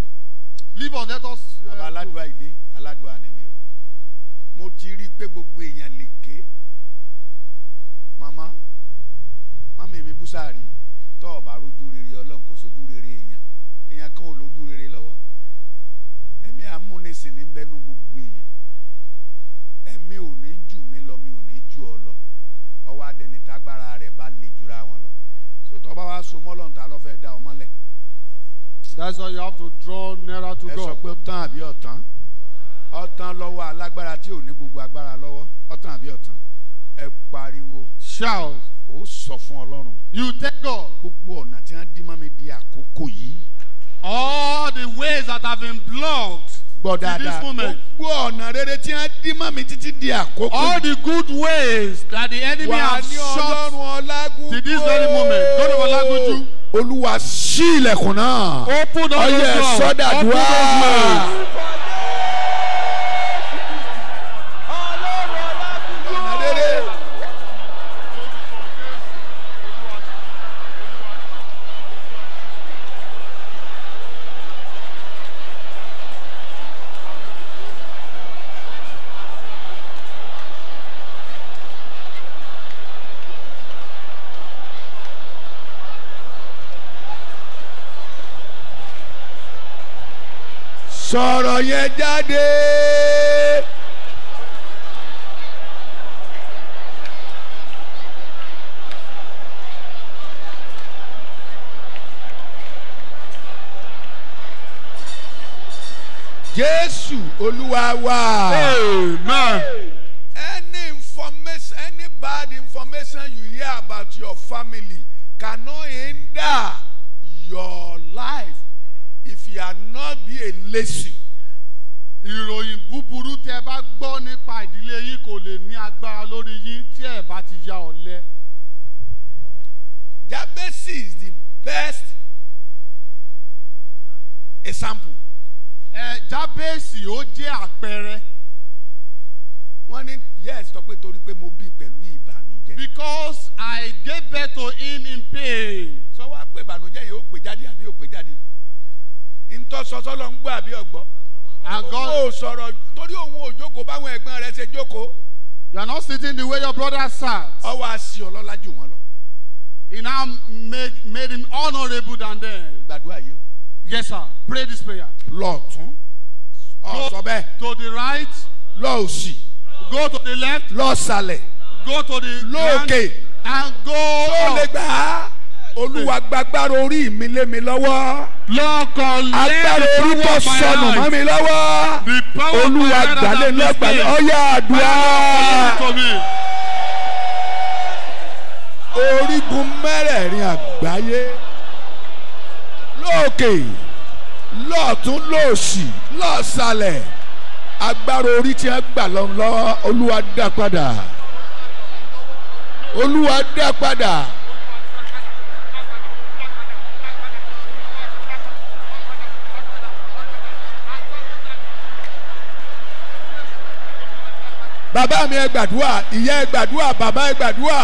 Leave us, let us. Bàbá uh, aládùá ìdè, aládùá ni mi o. Mo ti rí i pé gbogbo èèyàn lè ké màmá màmá mi bú sáàrí tọ́ rojú rere ọlọ́run kò sojú rere èèyàn èèyàn kan ò lójú rere lọ́wọ́ ẹ̀mí amúnisìn ní bẹ́nu gbogbo èèyàn ẹ̀mí ò ní jù mí lọ mi ò ní jù ọ lọ ọwọ́ adẹni tágbára rẹ̀ bá le jura wọn lọ sótọ́ bá wá so mọ́lọ́n ta ló fẹ́ da ọ that's why you have to draw nearer to God. ẹ sọ pé ọtán àbí ọtán ọtán lọ́wọ́ alágbára tí ò ní gbogbo agbára lọ́wọ́ ọtán àbí ọtán ẹ pariwo shout. ó sọ fún ọlọ́run. you thank God. gbogbo ọ̀nà tí wọ́n dí mọ́ mi di àkókò yìí. all the ways that have been blocked. gbọ́ dáadáa gbogbo ọ̀nà rere tí wọ́n dí mọ́ mi títí di àkókò. all the good ways that the enemy Wà have shot. wà ní ọlọ́run ọlágúnjú. to this very moment lórí ọlágúnjú. olúwa ṣí ilẹ̀kùn náà. open up those doors open those doors. sọ̀rọ̀ yẹn jáde. Jésù Olúwa wa. Amen. Any information, any bad information you hear about your family cannot hinder your life ìfìyà náà bí èlésì ìròyìn búburú tí ẹ bá gbọ́ nípa ìdílé yín kò lè ní agbára lórí yín tí ẹ bá ti ya ọ̀lẹ. Jabesi is the best example. ẹ Jabesi ó jẹ́ àpẹẹrẹ. wọ́n ní yes sọ pé torí pé mo bí pẹ̀lú ìbànújẹ́. because I gave birth to him in pain. sọ wá pé ìbànújẹ́ yẹn ó pè jáde àbí ó pè jáde ntọ́sọsọ lọ ń gbọ́ àbí ọ̀gbọ́. and God òun ò sọ̀rọ̀ torí òun ò jókòó báwọn ẹ̀gbọ́n rẹ̀ ṣe jókòó. you are not sitting the way your brother sat. ọwọ́ àṣì ọlọ́lá jù wọ́n lọ. he now made made him honourable than them. gbàdúrà yìí o. yes sir pray this prayer. lọ́ọ̀tún ọ̀sọ́ bẹ́ẹ̀. to the right. lọ́ọ̀sì. go to the left. lọ́ọ̀sàlẹ̀. go to the. lóòkè. and go tó lè gbà á olúwa gbàgbára orí mi lé mi lọ́wọ́. lọ́kọ̀ lé agbára orí tó sọnù mọ́ mi lọ́wọ́. olúwa gbàlẹ́ lọ́gbàlẹ́ ọ̀yà àdúrà. orígun mẹ́rẹ̀ẹ̀rin àgbáyé lókè lọ́ọ̀tún lóòsì lọ́ọ̀sàlẹ̀ agbára orí tí wọ́n gbà lọ́wọ́ olúwa dá padà olúwa dá padà. Baba mi ẹ gbàdúrà ìyá ẹ gbàdúrà bàbá ẹ gbàdúrà.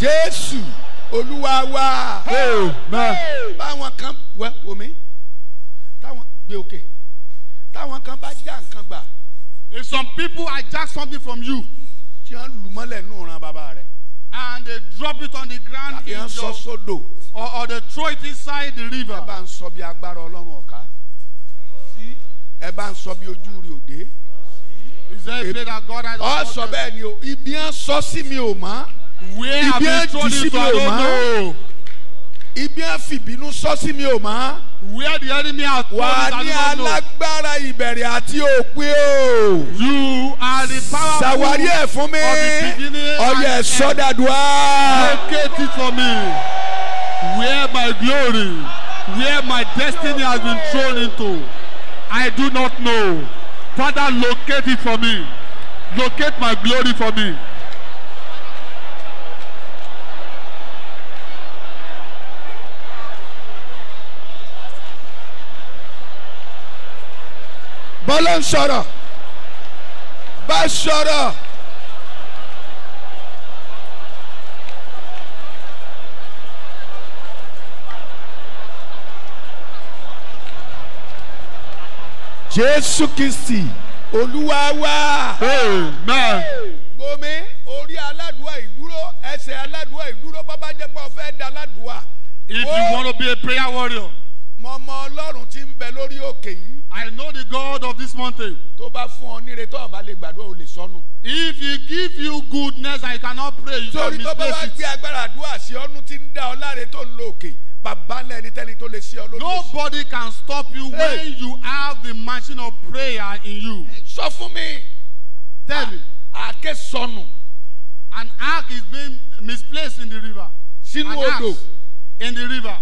jésù olúwa wa báwọn kan wẹ omi táwọn gbé òkè táwọn kan bá já nǹkan gbà. if some people are just something from you. tí wọ́n lù mọ́lẹ̀ nù ran bàbá rẹ̀ and they drop it on the ground tàbí ẹ̀ or or they throw it inside the river. ẹ bá ń sọ bí agbára ọlọ́run ọ̀ka ẹ bá ń sọ bí ojú rí òde. ọ sọ bẹ́ẹ̀ ni o ibi ẹ sọ sí mi ò mọ́. where have you thrown it to I ibi á fìbínú sọ sí mi ò mọ́. where the enemy has come wà ní alágbára ìbẹ̀rẹ̀ àti òpin o. you are the power sàwárí ẹ̀ fún mi ọyẹ sọ́dàdúrà. locate it for me where my glory where my destiny has been thrown into I do not know father locate it for me locate my glory for me. bọ́lá ń sọ̀rọ̀ bá sọ̀rọ̀. jésù kristi olúwa amen. gbomi orí aládùúgbò ìdúró ẹsẹ̀ aládùúgbò ìdúró bàbá jẹ́ pé o fẹ́ da aládùúgbò. if you wan be a prayer warrior. mọ̀mọ́ ọlọ́run lórí òkè yìí. I know the God of this mountain. Tó bá fún ọ níre tó ọba lè gbàdúrà o lè sọnù. If he give you goodness I cannot pray, you can misplace it. Torí tó bá wá gbé agbára àdúrà sí ọ́nú tí ń dá ọ láre tó ń lo òkè bàbá lẹ́ni tẹ́ni tó lè ṣe ọ lórí. Nobody can stop you hey. when you have the machine of prayer in you. Sọ fún mi. Tell me. Àáké sọnù. An ark is being misplaced in the river. Sínú odò. In the river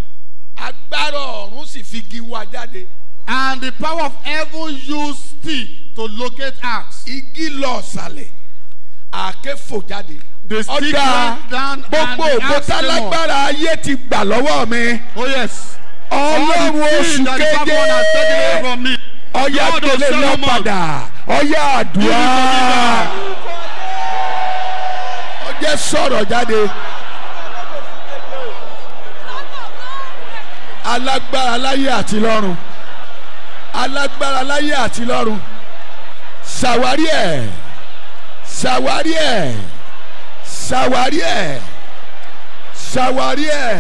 agbára ọ̀run sì fi gi jáde. and the power of heaven used stick to locate us. igi lọ sàlẹ̀ àáké fò jáde. the stick went down and the axe came up. gbogbo òkúta lágbára ayé ti gbà lọ́wọ́ mi. oh yes. ọlọ́run oṣù kéde ọyá gbélé lọ ọyá àdúrà ọjẹ́ sọ̀rọ̀ jáde. alágbára láyé àti lọ́run alágbára láyé àti lọ́run ṣàwárí ẹ̀ ṣàwárí ẹ̀ ṣàwárí ẹ̀ ṣàwárí ẹ̀.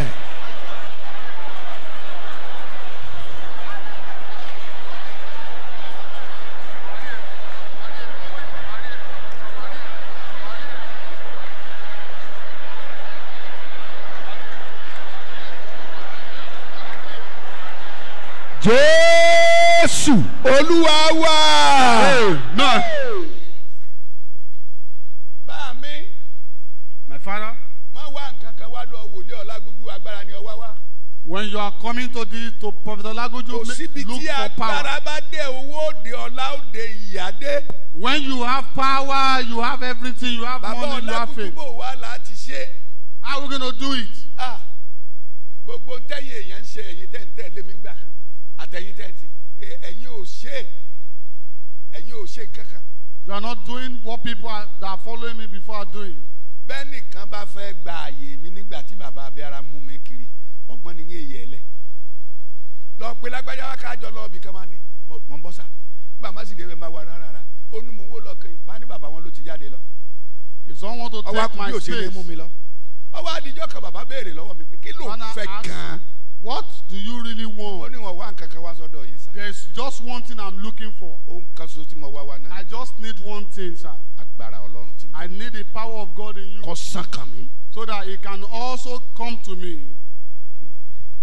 jésù olúwa wá. bá a my father. wá nǹkan kan wá lọ wòlé ọ̀làgójú agbára ni ọwá wá. when you are coming to the to prophet ọlágójú look for power. òsibítí agbára bá dé owó òde ọlá òde ìyá dé. when you have power you have everything you have Baba money you have faith. bàbá ọlágójú bò wá láti ṣe. how we gonna do it. ah gbogbo ntẹ́yìn èèyàn ń ṣe èyí you are not doing what people are, that are following me before are doing. bẹ́ẹ̀ nìkan bá fẹ́ gba àyè mi nígbà tí bàbá abiyara mú mi kiri ọgbọ́n ni yín èyí lọ pé lágbájá wa kájọ lọ ibì kan máa ní mọ̀ ń bọ́ sà bàbá sì débẹ̀ máa wà rárá ó ní lọ kí bá ní bàbá wọn ló ti jáde lọ. if someone to take my space ọwọ́ akun yóò ṣe lé mú mi lọ ọwọ́ adijọ́ kan bàbá béèrè lọ́wọ́ mi pé kí ló fẹ́ gan-an. What do you really want? There's just one thing I'm looking for. I just need one thing sir. I need the power of God in you. so that he can also come to me.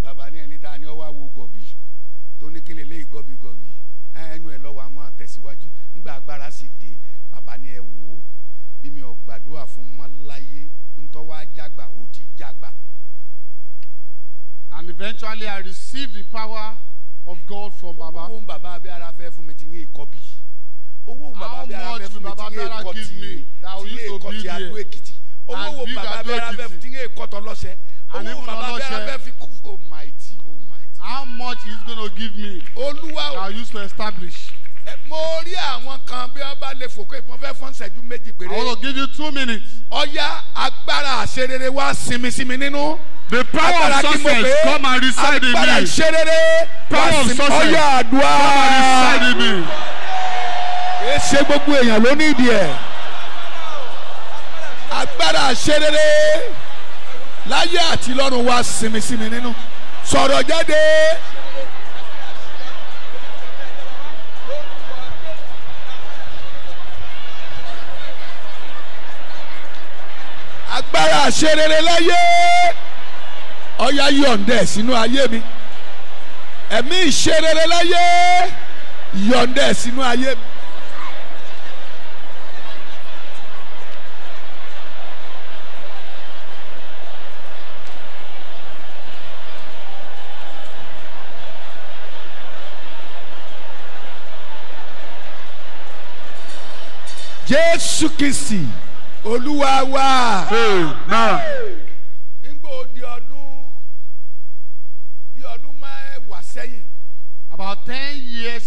bàbá ní ẹni tá a ní ọwọ́ àwo gọ̀bì tó ní kílè léyìí gọ̀bì gọ̀bì ẹnu ẹ̀ lọ́wọ́ a máa tẹ̀síwájú nígbà agbára sì dé bàbá ní ẹ wò ó bí mi ò gbàdúrà fún mọ́ láyé ntọ́wọ́ ajágbà ó ti jágbà and eventually I received the power of God from Baba. How much will Baba give me? That yín ìkọ́bí. Owó bàbá Abíára fẹ́ fún How much is going to give me? Olúwa I used to establish. Mo rí àwọn I wanna give you two minutes. Ọya agbára àṣerere wá sinmi sí mi nínú. No? the power of success come and reside in me power of success come and reside in me. ṣé gbogbo èèyàn ló ní ìdí ẹ̀ agbára àṣerere láyé àti lọ́run wá sinmi sí mi nínú sọ̀rọ̀ jáde. agbára àṣerere láyé ọ̀yá yọ̀ǹdẹ̀ sínú ayé mi ẹ̀mí ìṣerere láyé yọ̀ǹdẹ̀ sínú ayé mi. Jésù Kristi Olúwa wa. Hey, nah.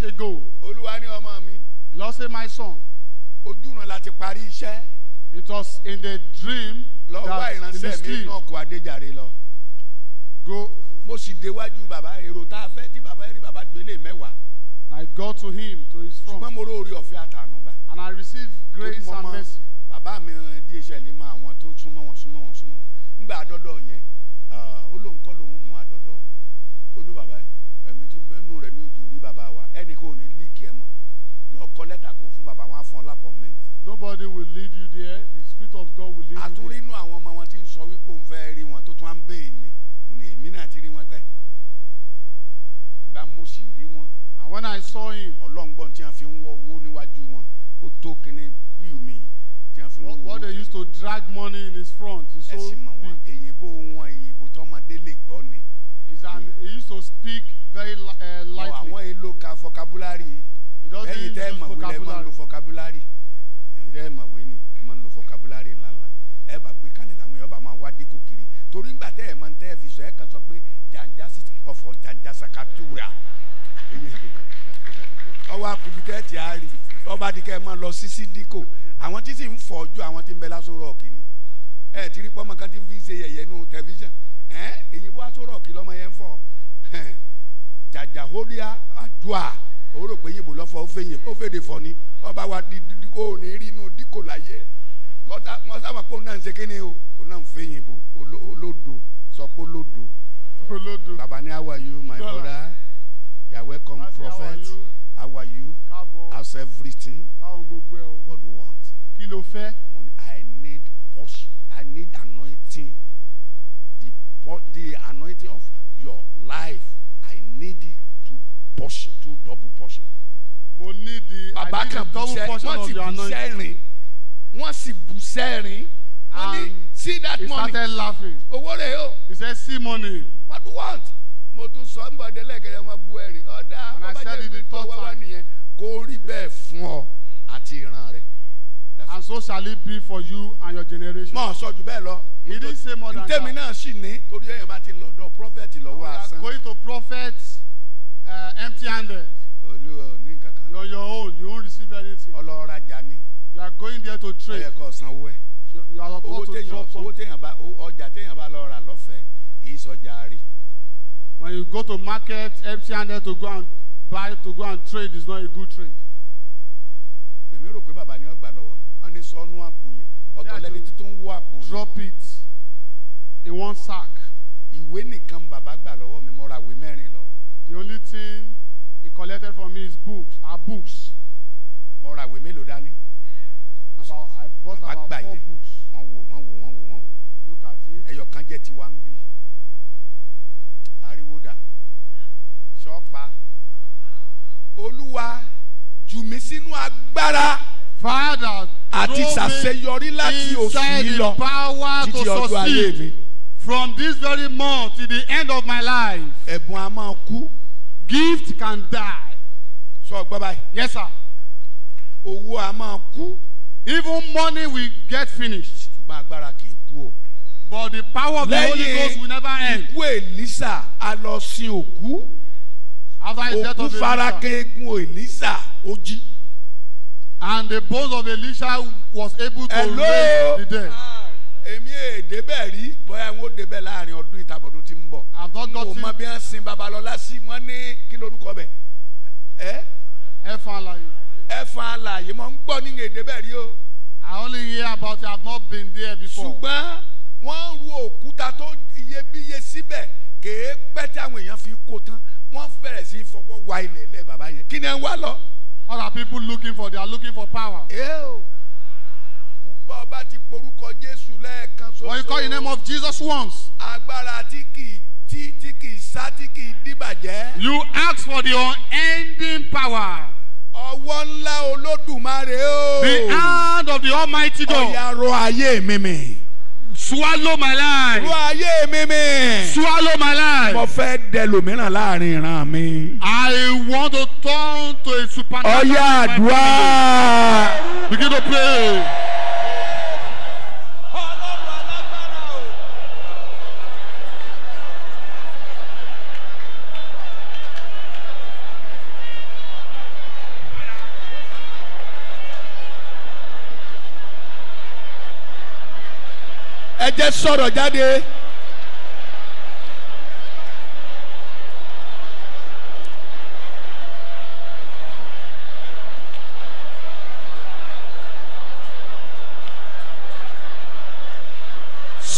days ago. Olúwa ní ọmọ mi. Lord say my son. Ojúran láti parí iṣẹ́. It was in the dream Lord, that in the sleep. Lọ wá ìránṣẹ́ mi náà kó Adéjàre lọ. Go. Mo sì déwájú bàbá èrò tá a fẹ́ tí bàbá rí bàbá ju eléyìí mẹ́wàá. I go to him to his front. Ṣùgbọ́n mo rí orí ọ̀fẹ́ àtàánú And I receive grace and mercy. Bàbá mi díẹ̀ ṣẹlẹ̀ mọ àwọn tó súnmọ́ wọn súnmọ́ wọn súnmọ́ wọn. Nígbà àdọ́dọ̀ yẹn, ah, ó lóun kọ́ lòun mú àdọ́dọ̀ òun. Ó ní bàbá ẹ̀mí tí ń bẹ́nu rẹ̀ ní ojú ẹnìkan ò ní líìkì ẹ mọ́ lọ kọ lẹ́tà kó fún bàbá wọn fún ọ lápọ̀mẹ́ǹt. nobody will lead you there the spirit of God will lead you there. àtúrí inú àwọn ọmọ wọn tí ń sọ wípé òun fẹ́ rí wọn tó tún á ń bẹ́ẹ̀ ni òní èmi náà ti rí wọn pẹ́ ìgbà mo sì rí wọn. and when I saw him. ọlọ́ngbọ́n tí wọ́n fi ń wọ owó níwájú wọn ó tó kinní bíi mi tí wọ́n fi ń wọ owó. what they used to drag money in his front. ẹ̀sìn mọ̀ wọn èyìnbó wọn èyìnbó tọ́mọdé lè gbọ́ ni. Is an, he used to speak very uh, lightly. Àwọn èlò ka vocabulary. He doesn't use vocabulary. Lẹ́yìn tẹ́ ẹ máa lo vocabulary. Ẹ̀yin tẹ́ ẹ máa wé ni ẹ máa ń lo vocabulary ńláńlá. Ẹ bá gbé kalẹ̀ làwọn èèyàn bá máa wá dínkù kiri. Torí ńgbà tẹ́ ẹ máa ń tẹ́ ẹ fi sọ ẹ kàn sọ pé jàǹjà ọ̀fọ̀ jàǹjà sàkàtúrà. Ọwọ́ akubi tẹ́ ẹ ti á rí. Ọba di kẹ́ ẹ máa lọ sí sídìkò. Àwọn tí sì ń fọ̀ ọjọ́ àwọn tí ń bẹ lásòrò ọ̀kìnní. Ẹ ti rí pọ́nmọ́ kan tí ń fi ṣe yẹ Oòduà ó rò pé yìnbó lọ́fọ̀ fẹ́ yìnbó ó fẹ́ de fọ́ ni ọba wa kò ní rí inú díkò láyé wọ́n sábà pé òun náà ń ṣe kíni o òun náà ń fẹ́ yìnbó olódo sọ pé olódo olódo baba ni how are you my brother you are welcome prophet how are you how's everything what do you want kí ló fẹ́ I need push I need anointing the the anointing of your life I need it two portion two double portion. mo ní di bàbá kan busẹ wọn ti busẹ rin wọn sì busẹ rin wọn ní see that money he started laughing owó rẹ o he said see money what do you want mo tún sọ ń gbọdọ lẹkẹrẹ ọmọ bu ẹrin ọdá ọba jẹ ìwé tó wá wá nìyẹn kó rí bẹ́ẹ̀ fún ọ àti ìran rẹ. and so shall it be for you and your generation. mọ sọ jù bẹ́ẹ̀ lọ. he didn't say more than that. ntẹ́mi náà sì ní torí ẹ̀yàn bá ti lọ́dọ̀ prophet lọ́wọ́ asán. we are going to prophets uh, empty handed. olúwa ní nǹkan you are your own you won't receive anything. ọlọ́ọ̀rajà ni. you are going there to trade. ó yẹ sanwó ẹ. you are about to drop something. owó téèyàn bá ọjà téèyàn bá lọ rà lọ́fẹ̀ẹ́ kì í sọjà rí. when you go to market empty handed to go and buy to go and trade is not a good trade. èmi rò pé bàbá ni ó lọ́wọ́ mi wọ́n ní sọ́nù àpò yẹn ọ̀tọ̀ lẹ́ni tuntun wọ àpò yẹn. drop it in one sack. ìwé nìkan bàbá gbà lọ́wọ́ mi mo ra ìwé mẹ́rin lọ. The only thing he collected from me is books, Our books. Mo ra ìwé mélòó dání? About I bought about four books. One, wo one, wo wọ́n wo wọ́n wo. Look at it. Ẹyọ kan jẹ́ tiwa ń bì. Ariwo dà. Ṣọ́pa. Olúwa jù mí sínú Father, àti ṣàṣeyọrí láti oṣù yìí lọ títí ọjọ́ ayé mi. From this very month to the end of my life. Ẹ̀bùn a máa kú gift can die. so bye bye. yes sir. owó a máa kú. even money will get finished. ṣùgbọ́n agbára kì í kú o. but the power of the Holy Ghost will never end. lẹ́yìn ikú Èlísà a lọ sin òkú. òkú fara kẹ́ egun Èlísà ó and the bones of Elisha was able to raise the dead. Ah èmi è débẹ̀ rí bóyá wọn ò débẹ̀ láàrin ọdún ìtàbọ̀dún tí ń bọ̀. àtọ́jọ́ tí mọ bí wọ́n sin babalọ́lá sí wọ́n ní kí lorúkọ bẹ̀. ẹ ẹfọn àlàyé. ẹfọn àlàyé mo ń gbọ́ ní èdèbẹ̀ rí o. I only hear about it I have not been there before. ṣùgbọ́n wọ́n ru òkúta tó iyebíye síbẹ̀ kèé pẹ́ tí àwọn èèyàn fi kó tán wọ́n fẹ̀rẹ̀ sí fọwọ́ wa ilẹ̀ lẹ́ bàbá yẹn kí ni ẹ wá lọ. Other people looking for they are looking for power. Ew bọ́ ọba ti porúkọ Jésù lẹ́ẹ̀kan ṣoṣo. when you call the name of Jesus once. agbára tí kì í tí tí kì í sá tí kì í dìbàjẹ́. you ask for the unending power. ọwọ́ ńlá olódùmarè o. the hand of the almighty God. ọ̀yà rọ ayé mi mi. swallow my life. rọ ayé mi mi. swallow my life. mo fẹ́ dẹlòmíràn láàrin ìran mi. I want to turn to a supernatural. ọ̀yà àdúrà. begin to pray. ẹ jẹ́ sọ̀rọ̀ jáde.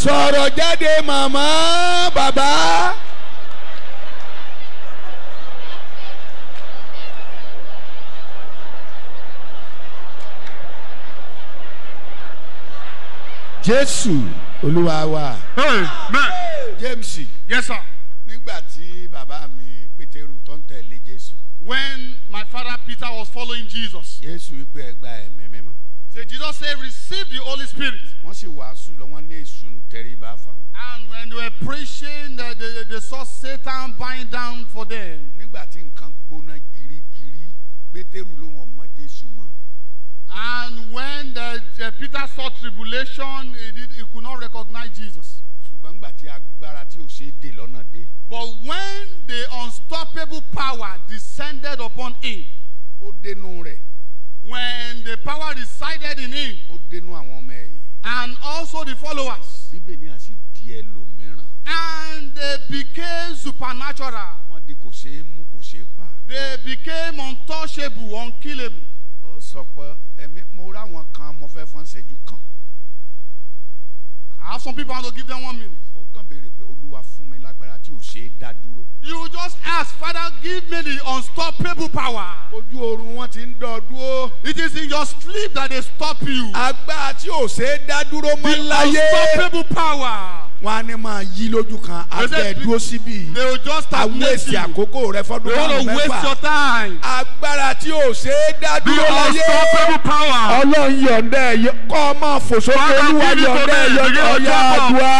sọ̀rọ̀ jáde màmá bàbá. Jesus olúwa wa. james yes, nígbà tí bàbá mi pétérù tó ń tẹ̀lé jésù. when my father peter was following jesus. jésù wípé ẹ gba ẹ̀mí mímọ́. say jesus say receive the holy spirit. wọ́n sì wàásù lọ ní èṣù ń tẹrí bá fáwọn. and when they were preaching they they they saw satan bind down for them. nígbà tí nǹkan gbóná girigiri pétérù ló wọ̀n mọ́. Peter saw tribulation, he, did, he could not recognize Jesus. But when the unstoppable power descended upon him. When the power resided in him. And also the followers. And they became supernatural. They became untouchable, unkillable sọ pé ẹ̀mí mo ráwọn kan mo fẹ́ fún ṣẹ́jú kan. I have some people I want to give them one minute. Ó kàn béèrè pé Olúwa fún mi lágbára tí ò ṣe é dá dúró. You just ask Father give me the unstoppable power. Ojú oorun wọn ti ń dán It is in your sleep that they stop you. Agbára tí ò ṣe é dá dúró mọ́ láyé. The unstoppable power wọn á ní máa yí lójú kan abẹ́ dúró síbí àwẹ̀sì àkókò rẹ fọdún márùn mẹ́fà agbára tí ò ṣe é dá láyé ọlọ́run yọ̀ǹda ẹ̀yọ kọ́ ọ máa fò olúwa yọ̀ǹda ẹ̀yọ ọ̀yà àdúrà.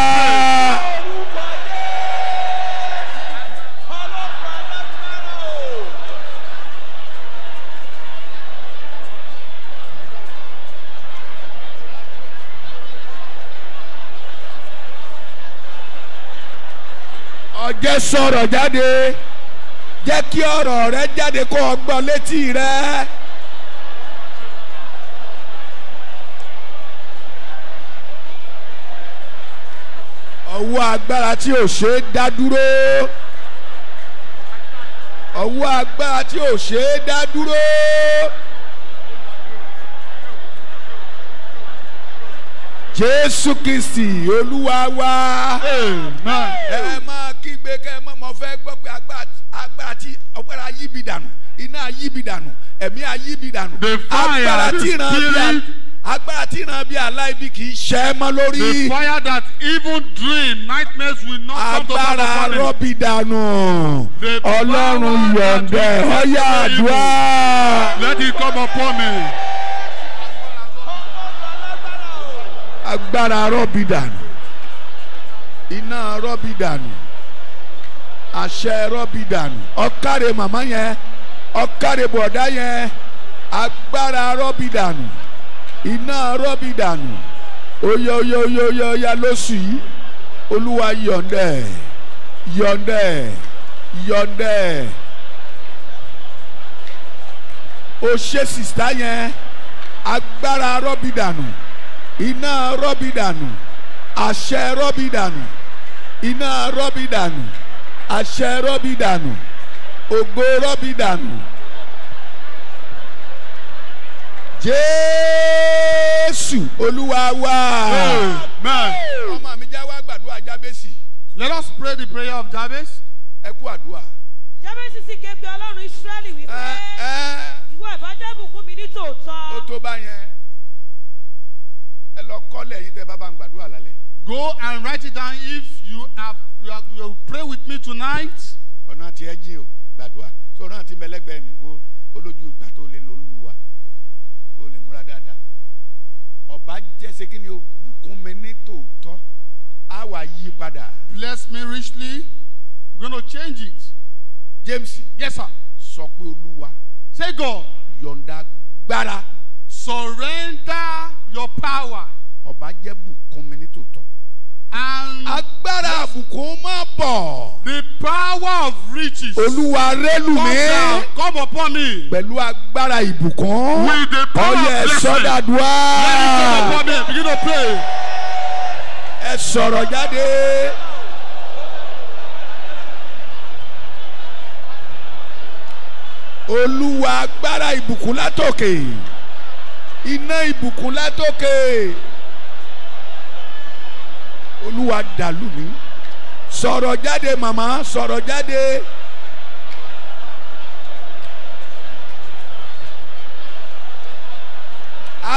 jẹ́ sọ̀rọ̀ jáde jẹ́ kí ọ̀rọ̀ rẹ jáde kó o gbọ́ létí rẹ. ọwọ́ agbára tí ò ṣe é dá dúró ọwọ́ agbára tí ò ṣe dá dúró. jésù kristi olúwa wá. ẹ máa kígbe kẹ́ ẹ mọ́ mọ́ fẹ́ pé agbára tí agbára yíbi dànù iná yíbi dànù ẹ̀mí ayíbi dànù agbára tí ràn bí agbára tí ràn bí aláìbí kì í ṣẹ́ mọ́ lórí. the fire that even dream nightmares will not come to pass. agbára rọ́bì dànù ọlọ́run yọ̀ǹdẹ̀ ọ̀yà àdúrà. let it come upon me. agbára rọ́bì dànù iná rọ́bì dànù àṣẹ rọ́bì dànù ọ̀kàrẹ̀ màmá yẹn ọ̀kàrẹ̀ bọ̀dá yẹn agbára rọ́bì dànù iná rọ́bì dànù oyè oyè oyè oyè oyè lóṣù yìí olúwa yọ̀ǹdẹ̀ yọ̀ǹdẹ̀ yọ̀ǹdẹ̀ o sista yẹn agbára rọ́bì dànù iná rọ́bì dànù àṣẹ rọ́bì dànù iná rọ́bì dànù àṣẹ rọ́bì dànù ògo rọ́bì dànù. Jésù Olúwa wa. Amen. Ọmọ mi já wá gbàdúrà Jábésì. Let us pray the prayer of Jabez. Ẹ kú àdúrà. Jábésì sì ké pe Ọlọ́run Ísírẹ́lì wípé ìwọ ìbá jẹ́ ìbùkún mi ní tòótọ́. Ó tó bá yẹn kọ́lẹ̀ yìí tẹ́ bá bá ń gbàdúrà lálẹ́. Go and write it down if you have you, have, you pray with me tonight. Ọ̀nà àti ẹ̀jìn o gbàdúrà so ọ̀nà àti mẹlẹ́gbẹ̀ẹ́ mi wo olójú ìgbà tó lè lò ń lu wa o lè múra dáadáa. Ọba jẹ́ ṣe kí ni o bùkún mi ní tòótọ́ á wà yí padà. Bless me richly we gonna change it. James. Yes sir. Sọ pé Olúwa. Say God. Yọ̀ǹda gbára. Surrender your power ọba jẹ́ bùkún mi ní tòótọ́. And agbára àbùkún máa bọ̀. The power of riches. Olúwa rẹ́lù mi. Come upon me. Pẹ̀lú agbára ìbùkún. With the power of blessing. Ọyẹ sọ́dàdúrà. Let me come upon me. Begin to pray. Ẹ sọ̀rọ̀ jáde. Olúwa agbára ìbùkún látòkè. Iná ìbùkún látòkè olúwa dàlú mi sọ̀rọ̀ jáde màmá sọ̀rọ̀ jáde.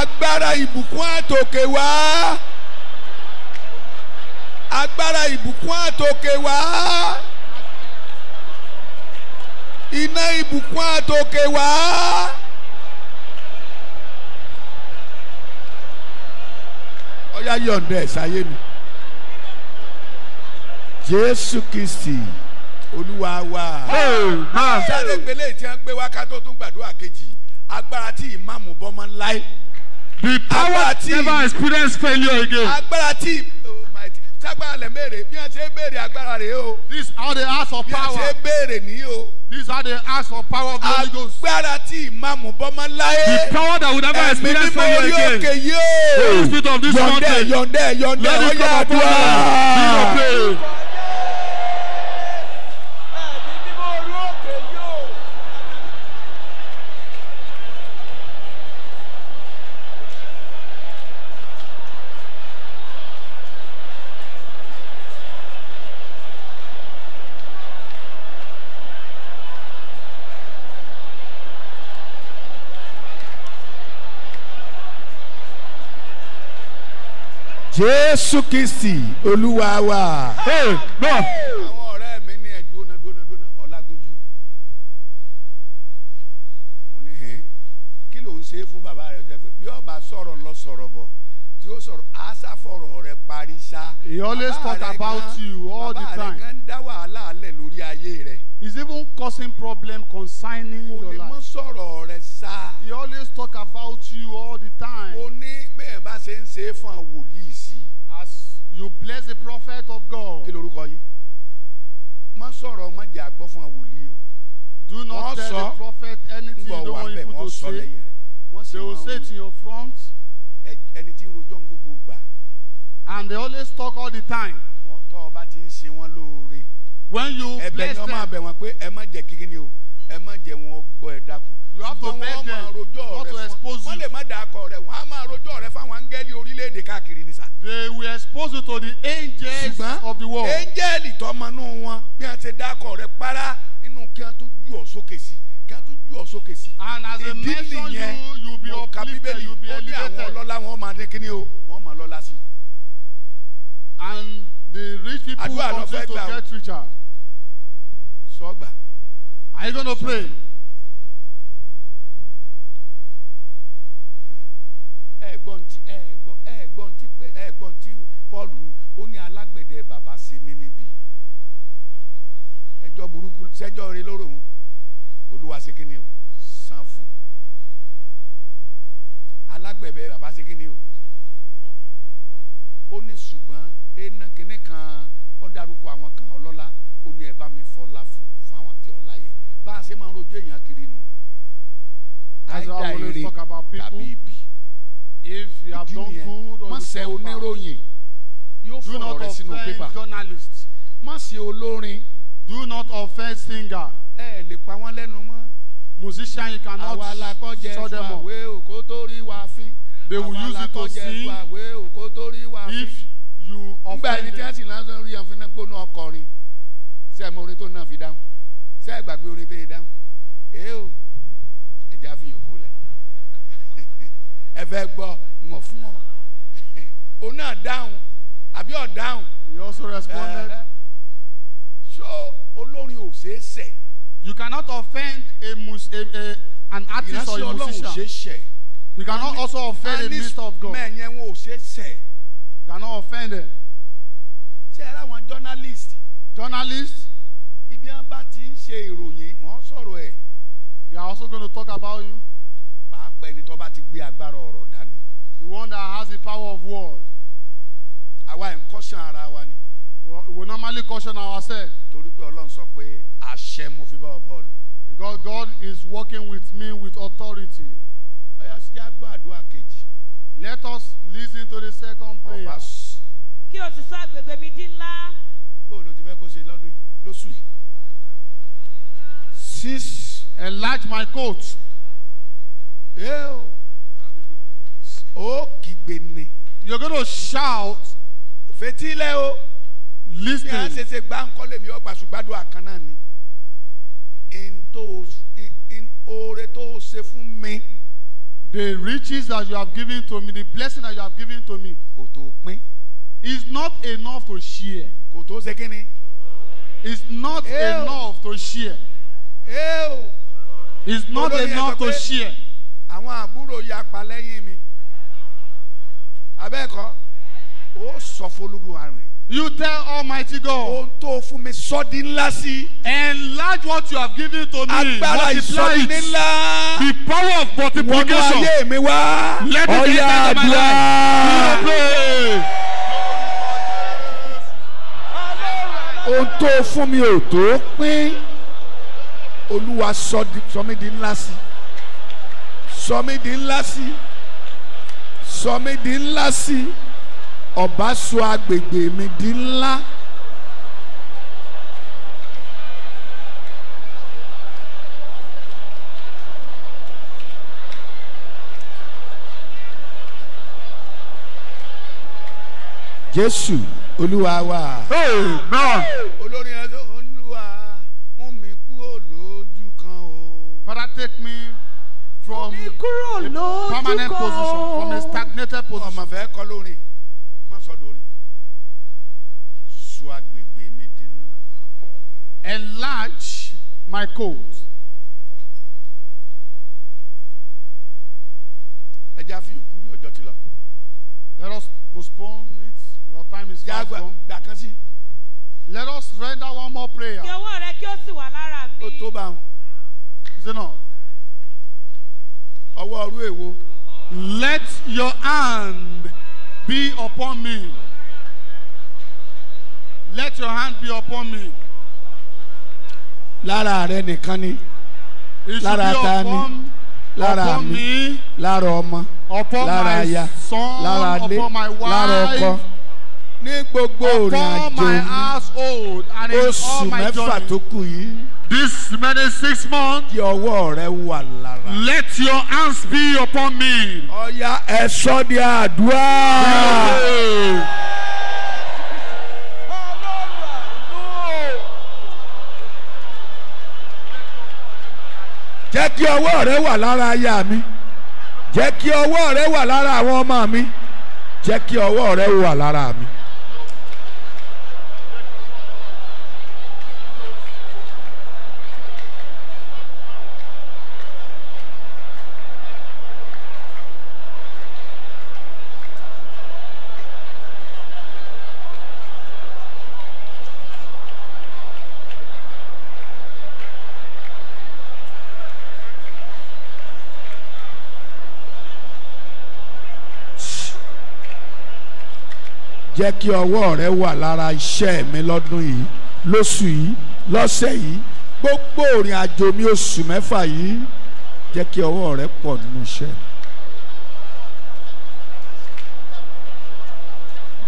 agbára ìbùkún àtòkè wá agbára ìbùkún àtòkè wá iná ìbùkún àtòkè wá. ọ̀yá yọ̀ǹda ẹ̀ sáyé mi jésù kristi olúwa wa. sáré gbélé tí wọ́n gbé wá ká tó gbàdúrà kejì agbára tí ìmáàmù bọ́mọ láì. the power tí never experience failure again. agbára tí sagbara oh lẹ béèrè bí wọn ṣe béèrè agbára rẹ o. this how they ask for power. bí wọn ṣe béèrè ní o. this how they ask for power of the holy ghost. agbára tí ìmáàmù bọ́mọ láyé. the power that will never experience for again. ẹ̀mí mímọ́ orí òkè yóò. the spirit of this mountain. yọ̀ndẹ̀ yọ̀ndẹ̀ yọ̀ndẹ̀ ọ̀yà àdúrà. let it come upon us. jésù kristi olúwa wa. àwọn ọ̀rẹ́ mi ní ẹ̀jú ọ̀nà dúnà dúnà ọ̀làgúnjú. mo ní hẹ́n kí ló ń ṣe fún bàbá rẹ jẹ pé bí ọba sọ̀rọ̀ lọ sọ̀rọ̀ bọ̀ tí ó sọ̀rọ̀ á sáfọ̀rọ̀ rẹ parí sá. he always talk about you all the time. bàbá rẹ kan dá wàhálà alẹ́ lórí ayé rẹ. he's even causing problems, concerning your life. kò lè mọ sọ̀rọ̀ rẹ He always talk about you all the time. Mo ní bẹ́ẹ̀ bá ṣe ń ṣe é fún àwọn sí. As you bless the prophet of God. Kí lorúkọ yìí? Má sọ̀rọ̀ má jẹ́ àgbọ́ fún àwọn o. Do not tell the prophet anything you don't want people to say. They will say to your front. Ẹni tí ń rojọ́ ń gbogbo gbà. And they always talk all the time. Wọ́n tọ́ ọba ti ń ṣe wọ́n lóore. When you bless them. Ẹ̀bẹ̀ ni wọ́n máa bẹ̀ pé ẹ má jẹ́ kíkí ni o ẹ má jẹ́ wọn gbọ́ ẹ dákun. you have to beg them not to expose you. wọ́n lè má da akọ rẹ̀ wọ́n á máa rojọ́ rẹ̀ fáwọn áńgẹ́lì orílẹ̀ káàkiri ni sà. they will expose you to the angels of the world. ṣùgbọ́n áńgẹ́lì tọmọnú wọn bí wọ́n ti da akọ para inú kí wọ́n tún yú sókè sí kí wọ́n tún yú sókè sí. and as a mention you you be uplifted you be elevated. ó ní àwọn ọlọ́lá wọn máa dé kíní o wọ́n máa lọ́lá sí. and the rich people continue to get richer. sọgbà. So Are you going to pray? ẹ̀gbọ́n tí ẹ̀gbọ́n ẹ̀gbọ́n tí pé ẹ̀gbọ́n tí Paul wí ó ní alágbẹ̀dẹ bàbá ṣe mí níbi ẹjọ́ burúkú sẹ́jọ́ rẹ lóró òun olúwa ṣe kíni o san fún alágbẹ̀dẹ bàbá ṣe kíni o ó ní ṣùgbọ́n kíní kan ó àwọn kan ọlọ́lá ó ní ẹ bá mi fọlá fún fáwọn àti ọ̀la yẹn bá a ṣe máa ń rojú èèyàn kiri nu. àìdá eré tàbí ibi. if you have done good or you fall down. má do not offend journalist. má ṣe olórin. do not offend singer. ẹ lè pa wọ́n lẹ́nu mọ́. musician you cannot shut them up. àwa làkọ́jẹ́ ìwàwé òkó tó rí wa fín. they will use it to sing if you offend them. nígbà ẹni tí wọ́n sì lásán rí àfin náà gbóná ọkọrin ṣé ẹ mọ orin tó náà fi dáhùn ṣé ẹ gbàgbé orin tó yẹ dáhùn èé o ẹja fi yòókù lẹ ẹ fẹ́ gbọ́ wọn fún ọ o náà dáhùn àbí ọ dáhùn. he also responded. ṣó olórin ò ṣeé ṣẹ̀. you cannot offend a mus a, a an artist or a musician. you cannot also offend a minister of God. mẹ́ẹ̀yẹn wọn ò ṣeé ṣẹ̀. you cannot offend them. ṣé ẹ ráwọn journalist. journalist bí wọ́n bá ti ń ṣe ìròyìn wọ́n sọ̀rọ̀ ẹ̀. they are also going to talk about you. pàápàá ẹni tó bá ti gbé agbára ọ̀rọ̀ dání. the one that has the power of word. àwa ń caution ara wa ni. we normally caution ourselves. torí pé Ọlọ́run sọ pé àṣẹ mo fi bá ọ bọ́ọ̀lù. because God is working with me with authority. ọ̀yà sí àgbà kejì. let us listen to the second prayer. kí o sì sọ agbègbè mi di ńlá. bó o lo ti fẹ́ kó ṣe lọ́dún yìí lóṣù yìí six enlarge my coat ó eh, oh, oh, kígbe ni. you're shout. fetílẹ̀ o. listen. bí a ṣe ṣe gbá ńkọ́ lèmi ọgbà ṣùgbádùn àkànnà ni. oore tó ṣe mi. the riches that you have given to me the blessing that you have given to me. kò tó pín. is not enough to share. kò tó ṣe kí is not eh, oh. enough to share. It's not enough to share. Àwọn àbúrò yapa lẹ́yìn mi. Abẹ́ẹ̀kọ́, ó sọ fólúdùá rìn. You tell Almighty God. Ohun tó fún mi sọ́di ńlá sí. Enlarge what you have given to me. Agbára ìsọdi ńlá. The power of multiplication. Wọ́n ní ayé mi wá. Let it enter my life. Ohun tó fún mi ò tó pín olúwa sọ mí di ńlá sí sọ mí di ńlá sí sọ mí di ńlá sí ọba sọ agbègbè mi di ńlá. jésù olúwa wa. olórin ẹ kúrò lójú kan. permanent position from a stagnated position. ọmọ fẹ́ kọ́ lórin má sọ lórin. sọ agbègbè mi di ńlá. enlarge my coat. ẹ já fi ìkú lé ọjọ́ ti lọ. let us postpone it Your time is fast gone. gbà kan sí. let us render one more prayer. kí ọwọ́ rẹ kí ó sì wà lára mi. o tó bá wọn. is it not? ọwọ́ ọrú èwo. let your hand be upon me. let your hand be upon me. lára rẹ nìkan ni lára ta ni lára mi lára ọmọ lára aya lára ilé lára ọkọ ní gbogbo ìrìn àjò mi oṣù mẹ́fà tó kù yìí. This many six months. Kí ọwọ́ rẹ wà lára. Let your hands be upon me. Ọ̀ya ẹ̀sọ́ di àdúrà. Jẹ́ kí ọwọ́ rẹ wà lára aya mi. Jẹ́ kí ọwọ́ rẹ wà lára àwọn ọmọ mi. Jẹ́ kí ọwọ́ rẹ wà lára mi. jẹ́ kí ọwọ́ rẹ wà lára iṣẹ́ mi lọ́dún yìí lóṣù yìí lọ́sẹ̀ yìí gbogbo òrìn àjò mi oṣù mẹ́fà yìí jẹ́ kí ọwọ́ rẹ pọ̀ nínú iṣẹ́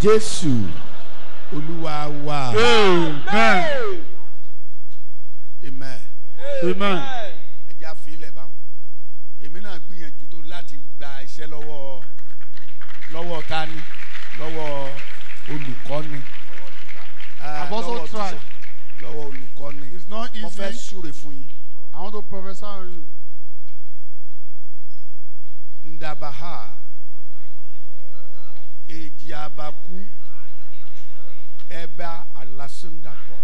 Jésù Olúwa wa. Amen. Amen. Amen. Amen. olùkọ́ni. Ah, I've also tried. lọ́wọ́ olùkọ́ni. It's not easy. mo fẹ́ súre fún yín. I want to prophesy on you. Ndabaha èjì abaku ẹ̀bà alásùndàpọ̀.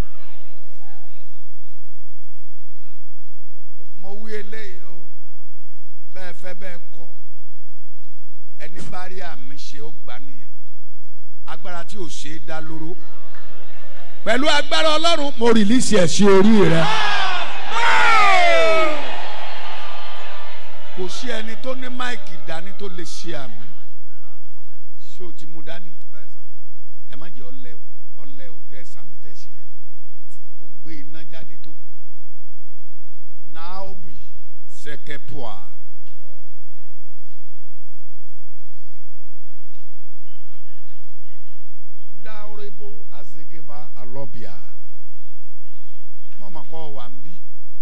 mo wí eléyìí o bẹ́ẹ̀ fẹ́ bẹ́ẹ̀ kọ̀ ẹni bá rí àmì ṣe ó gbà nìyẹn agbára tí ò ṣe é dá lóró pẹ̀lú agbára ọlọ́run mo rìlíìsì ẹ̀ṣẹ̀ orí rẹ. kò sí ẹni tó ní máìkì dání tó lè ṣe àmì ṣé o ti mú dání ẹ má jẹ́ ọlẹ́ o ọlẹ́ o tẹ sàmì tẹ ṣe yẹn kò gbé iná jáde tó Naomi Sekepua. bíà mọ̀ mọ̀ kọ́ wà ń bí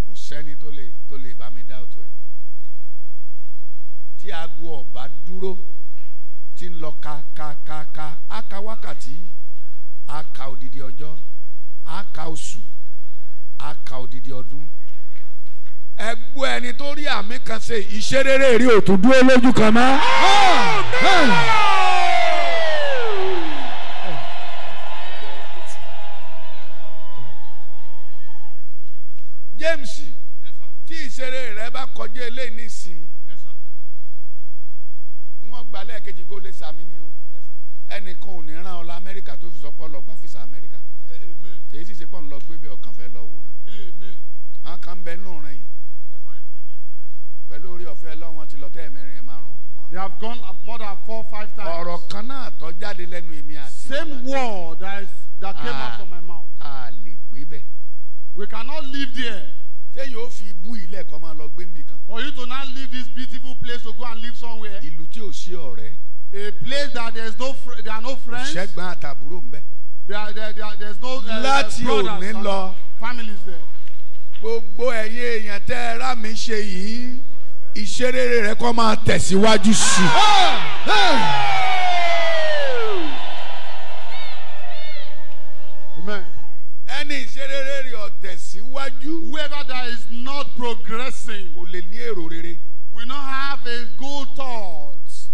kò sẹ́ni tó lè tó lè bá mi dá òtù ẹ̀ tí aago ọ̀bá dúró tí ń lọ ka ka ka ka á ka wákàtí á ka ọjọ́ á oṣù á ka ọdún ẹgbẹ́ ẹni tó rí àmì kan ṣe ìṣeréré rí òtún dúró lójú kan náà. James tí ìṣeré rẹ bá kọjá eléyìí nísìnyí wọ́n gbà lẹ́ẹ̀kejì kó lè sàmì o ẹnìkan ò ní rán ọ lọ Amẹ́ríkà tó fi sọ lọ gba físà Amẹ́ríkà èyí sì ṣe pọ̀ ń gbé bí ọkàn fẹ́ lọ wòran àwọn kan bẹ nù rìn yìí pẹ̀lú orí ọ̀fẹ́ Ọlọ́run ti lọ tẹ́ẹ̀mẹ́rin ẹ̀ márùn They have gone more than four five times. ọ̀rọ̀ kan náà tó jáde lẹ́nu èmi àti. Same word that came ah, out from my mouth. a lè gbé bẹ́ẹ̀ we cannot live there. ṣé yóò fi ibú ilẹ̀ kan máa lọ gbé nbìkan. for you to now leave this beautiful place to go and live somewhere. ìlú tí ò sí ọ̀rẹ́. a place that there is no there are no friends. ṣẹ́gbọ́n àtàbúrò ń bẹ. there there there there is no. Uh, uh, láti òní lọ. families there. gbogbo ẹ̀yin èèyàn tẹ́ ẹ rá mi ṣe yìí ìṣeré rẹ kọ́ máa tẹ̀síwájú sí i. ẹni ìṣeré rẹ tẹ̀síwájú. whoever that is not progressing. kò lè ní èrò rere. will not have a good thought.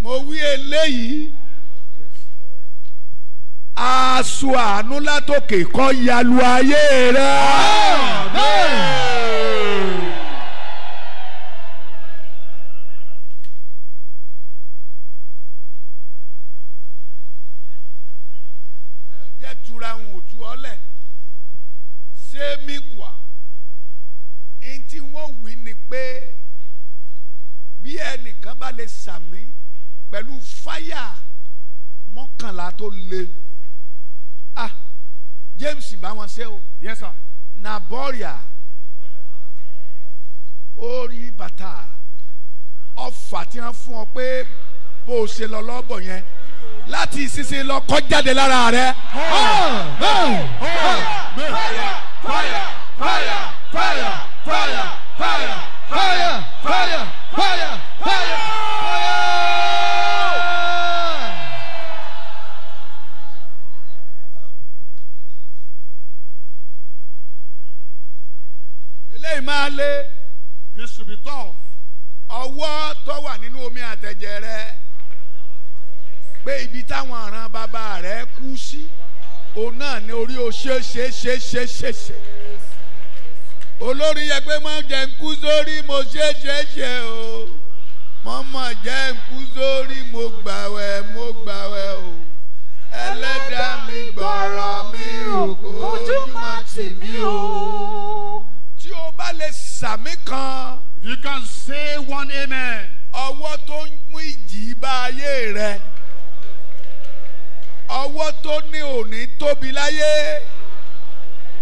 mo wí eléyìí aṣọ àánú látòkè kọ́ yalu ayé rẹ̀. Oh, lè sàmí pẹ̀lú fáyà mọ́kànlá tó le ah James bá wọn ṣe o yes sir Nàbọ́ríà ó rí bàtà ọfà tí wọ́n fún ọ pé bó o ṣe lọ lọ́bọ̀ yẹn láti ìsinsin lọ kọjáde lára rẹ. fire fire fire fire fire fire fire fire, fire, fire, fire, fire. eléyìí máa lé this should be tough ọwọ́ tó wà nínú omi àtẹ̀jẹ̀ rẹ pé ibi táwọn àràn bàbá rẹ kú sí òun náà ní orí o ṣe ṣe ṣe ṣe ṣe ṣe olórí yẹ pé mọ jẹ ń sórí mo ṣe o mọ mọ jẹ ń sórí mo gbàwẹ̀ mo gbàwẹ̀ o ẹlẹ́dàá mi gbọ́rọ̀ mi ò kojú má tì mí o. tí o bá lè sàmì kan. you can say one amen. ọwọ́ tó ń mú ìjì bá ayé rẹ ọwọ́ tó ní òní tóbi láyé.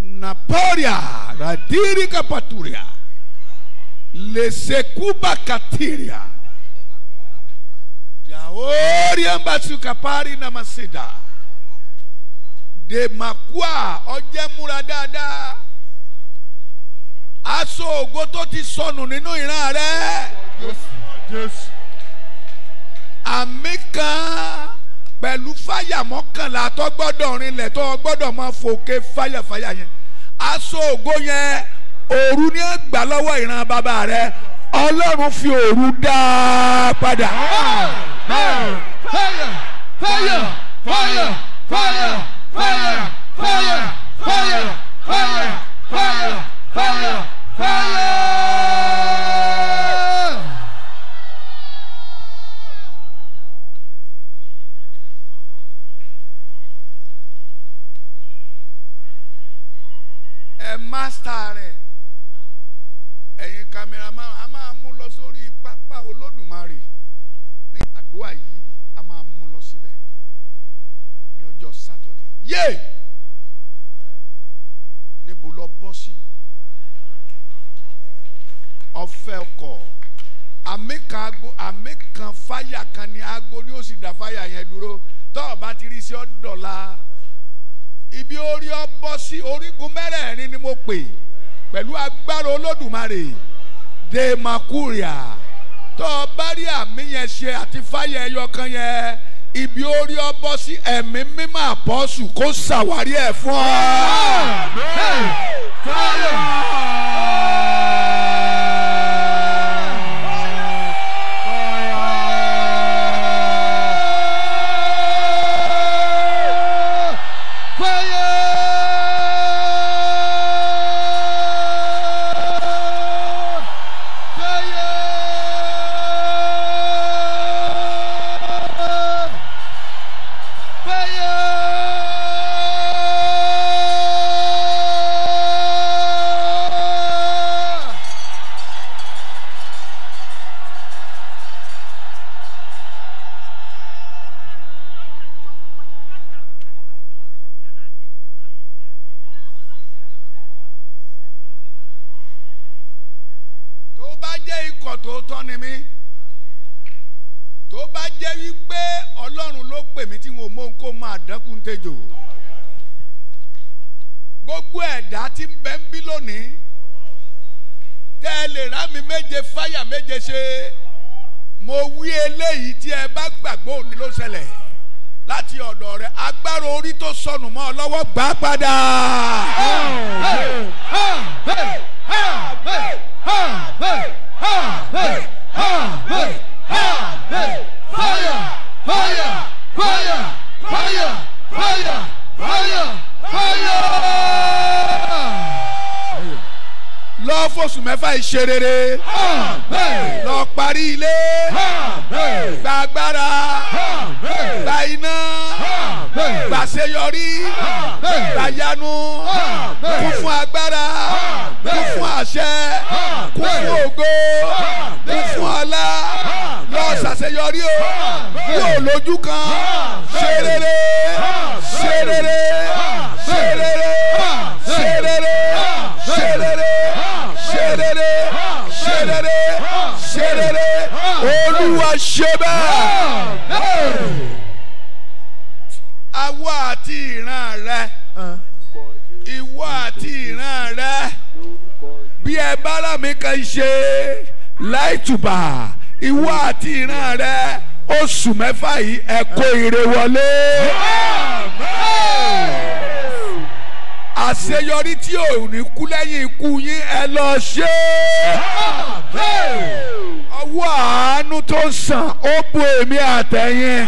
Naporia, radiri kapaturia, lesekuba katiria, daoria kapari na masida, de makua múra dáadáa. aṣọ ògo tó ti sọnù nínú ìran rẹ. àmì kan pẹ̀lú fáyà mọ́kànlá tó gbọ́dọ̀ rinlẹ̀ tó gbọ́dọ̀ máa fòkè fáyàfáyà yẹn aṣọ ògo yẹn òru ni ẹ gbà lọ́wọ́ ìran bàbá rẹ ọlọ́run fi òru dá a padà. fire fire fire fire fire fire fire fire fire fire fire fire fire. ẹ mástà rẹ ẹ̀yin kámẹ́rámán a máa mú lọ sórí pápá olódùmarè ní àdúrà yìí a máa mú lọ síbẹ̀ ní ọjọ́ sátọ̀dé yé níbo lọ bọ́ sí ọ̀fẹ́ ọkọ̀ àmì kan agbo àmì kan fáyà kan ní agbo ni ó sì dá fáyà yẹn dúró tó o bá ti rí sí ọ dọ̀la ibi orí ọ bọ́ sí orígun mẹ́rẹ̀ẹ̀rin ni mo pè pẹ̀lú agbára olódùmarè dè makuria tó o bá rí àmì yẹn ṣe àti fáyà ẹyọ kan yẹn ibi orí ọ bọ́ sí ẹ̀mí mímọ́ àpọ́sù kó ṣàwárí ẹ̀ fún ọ. Falha! jẹ́ ikọ̀ tòótọ́ ni mí tó bá jẹ́ wípé ọlọ́run ló pè mí tí n ò kó máa gbogbo ẹ̀dá tí ń bẹ ń bí lónìí tẹ́ rá mi méje fáyà méje ṣe mo wí eléyìí tí ẹ bá gbàgbọ́ òní ló ṣẹlẹ̀ láti ọ̀dọ̀ rẹ agbára orí tó ha, hey, ha, hey, ha, hey, fire, fire, fire, fire, fire, fire, fire. fire. lọ fóṣù mẹ́fà ìṣe rere lọ parí ilé gba agbára gba iná gbàṣeyọrí gbàyanu kún fún agbára kún fún àṣẹ kún fún ògo kún fún ọlá lọ ṣàṣeyọrí o yóò lójú kan ṣe rere ṣe rere ṣe ṣe rere ṣe rere ṣe rere olúwa ṣe bẹ́ẹ̀. awọ àti ìran rẹ ìwọ àti ìran rẹ bí ẹ bá rà mí kan ṣe láìtùbà ìwọ àti ìran rẹ oṣù mẹ́fà yìí ẹ kó ire wọlé. Amen àṣeyọrí tí ò ní kú lẹ́yìn ikú yín ẹ lọ ṣe é. ọwọ́ àánú tó ń sàn ó bu èmi àtẹ̀yìn.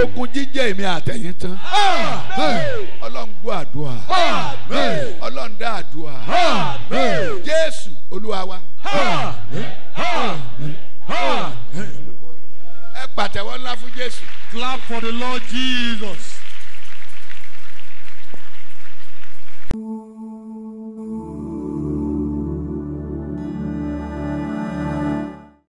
ogun jíjẹ́ èmi àtẹ̀yìn tán. ọlọ́run gbọ́ àdúrà. ọlọ́run dá àdúrà. jésù olúwa wa. ẹ pàtẹ́wọ́ ńlá fún jésù. clap for the lord jesus. うん。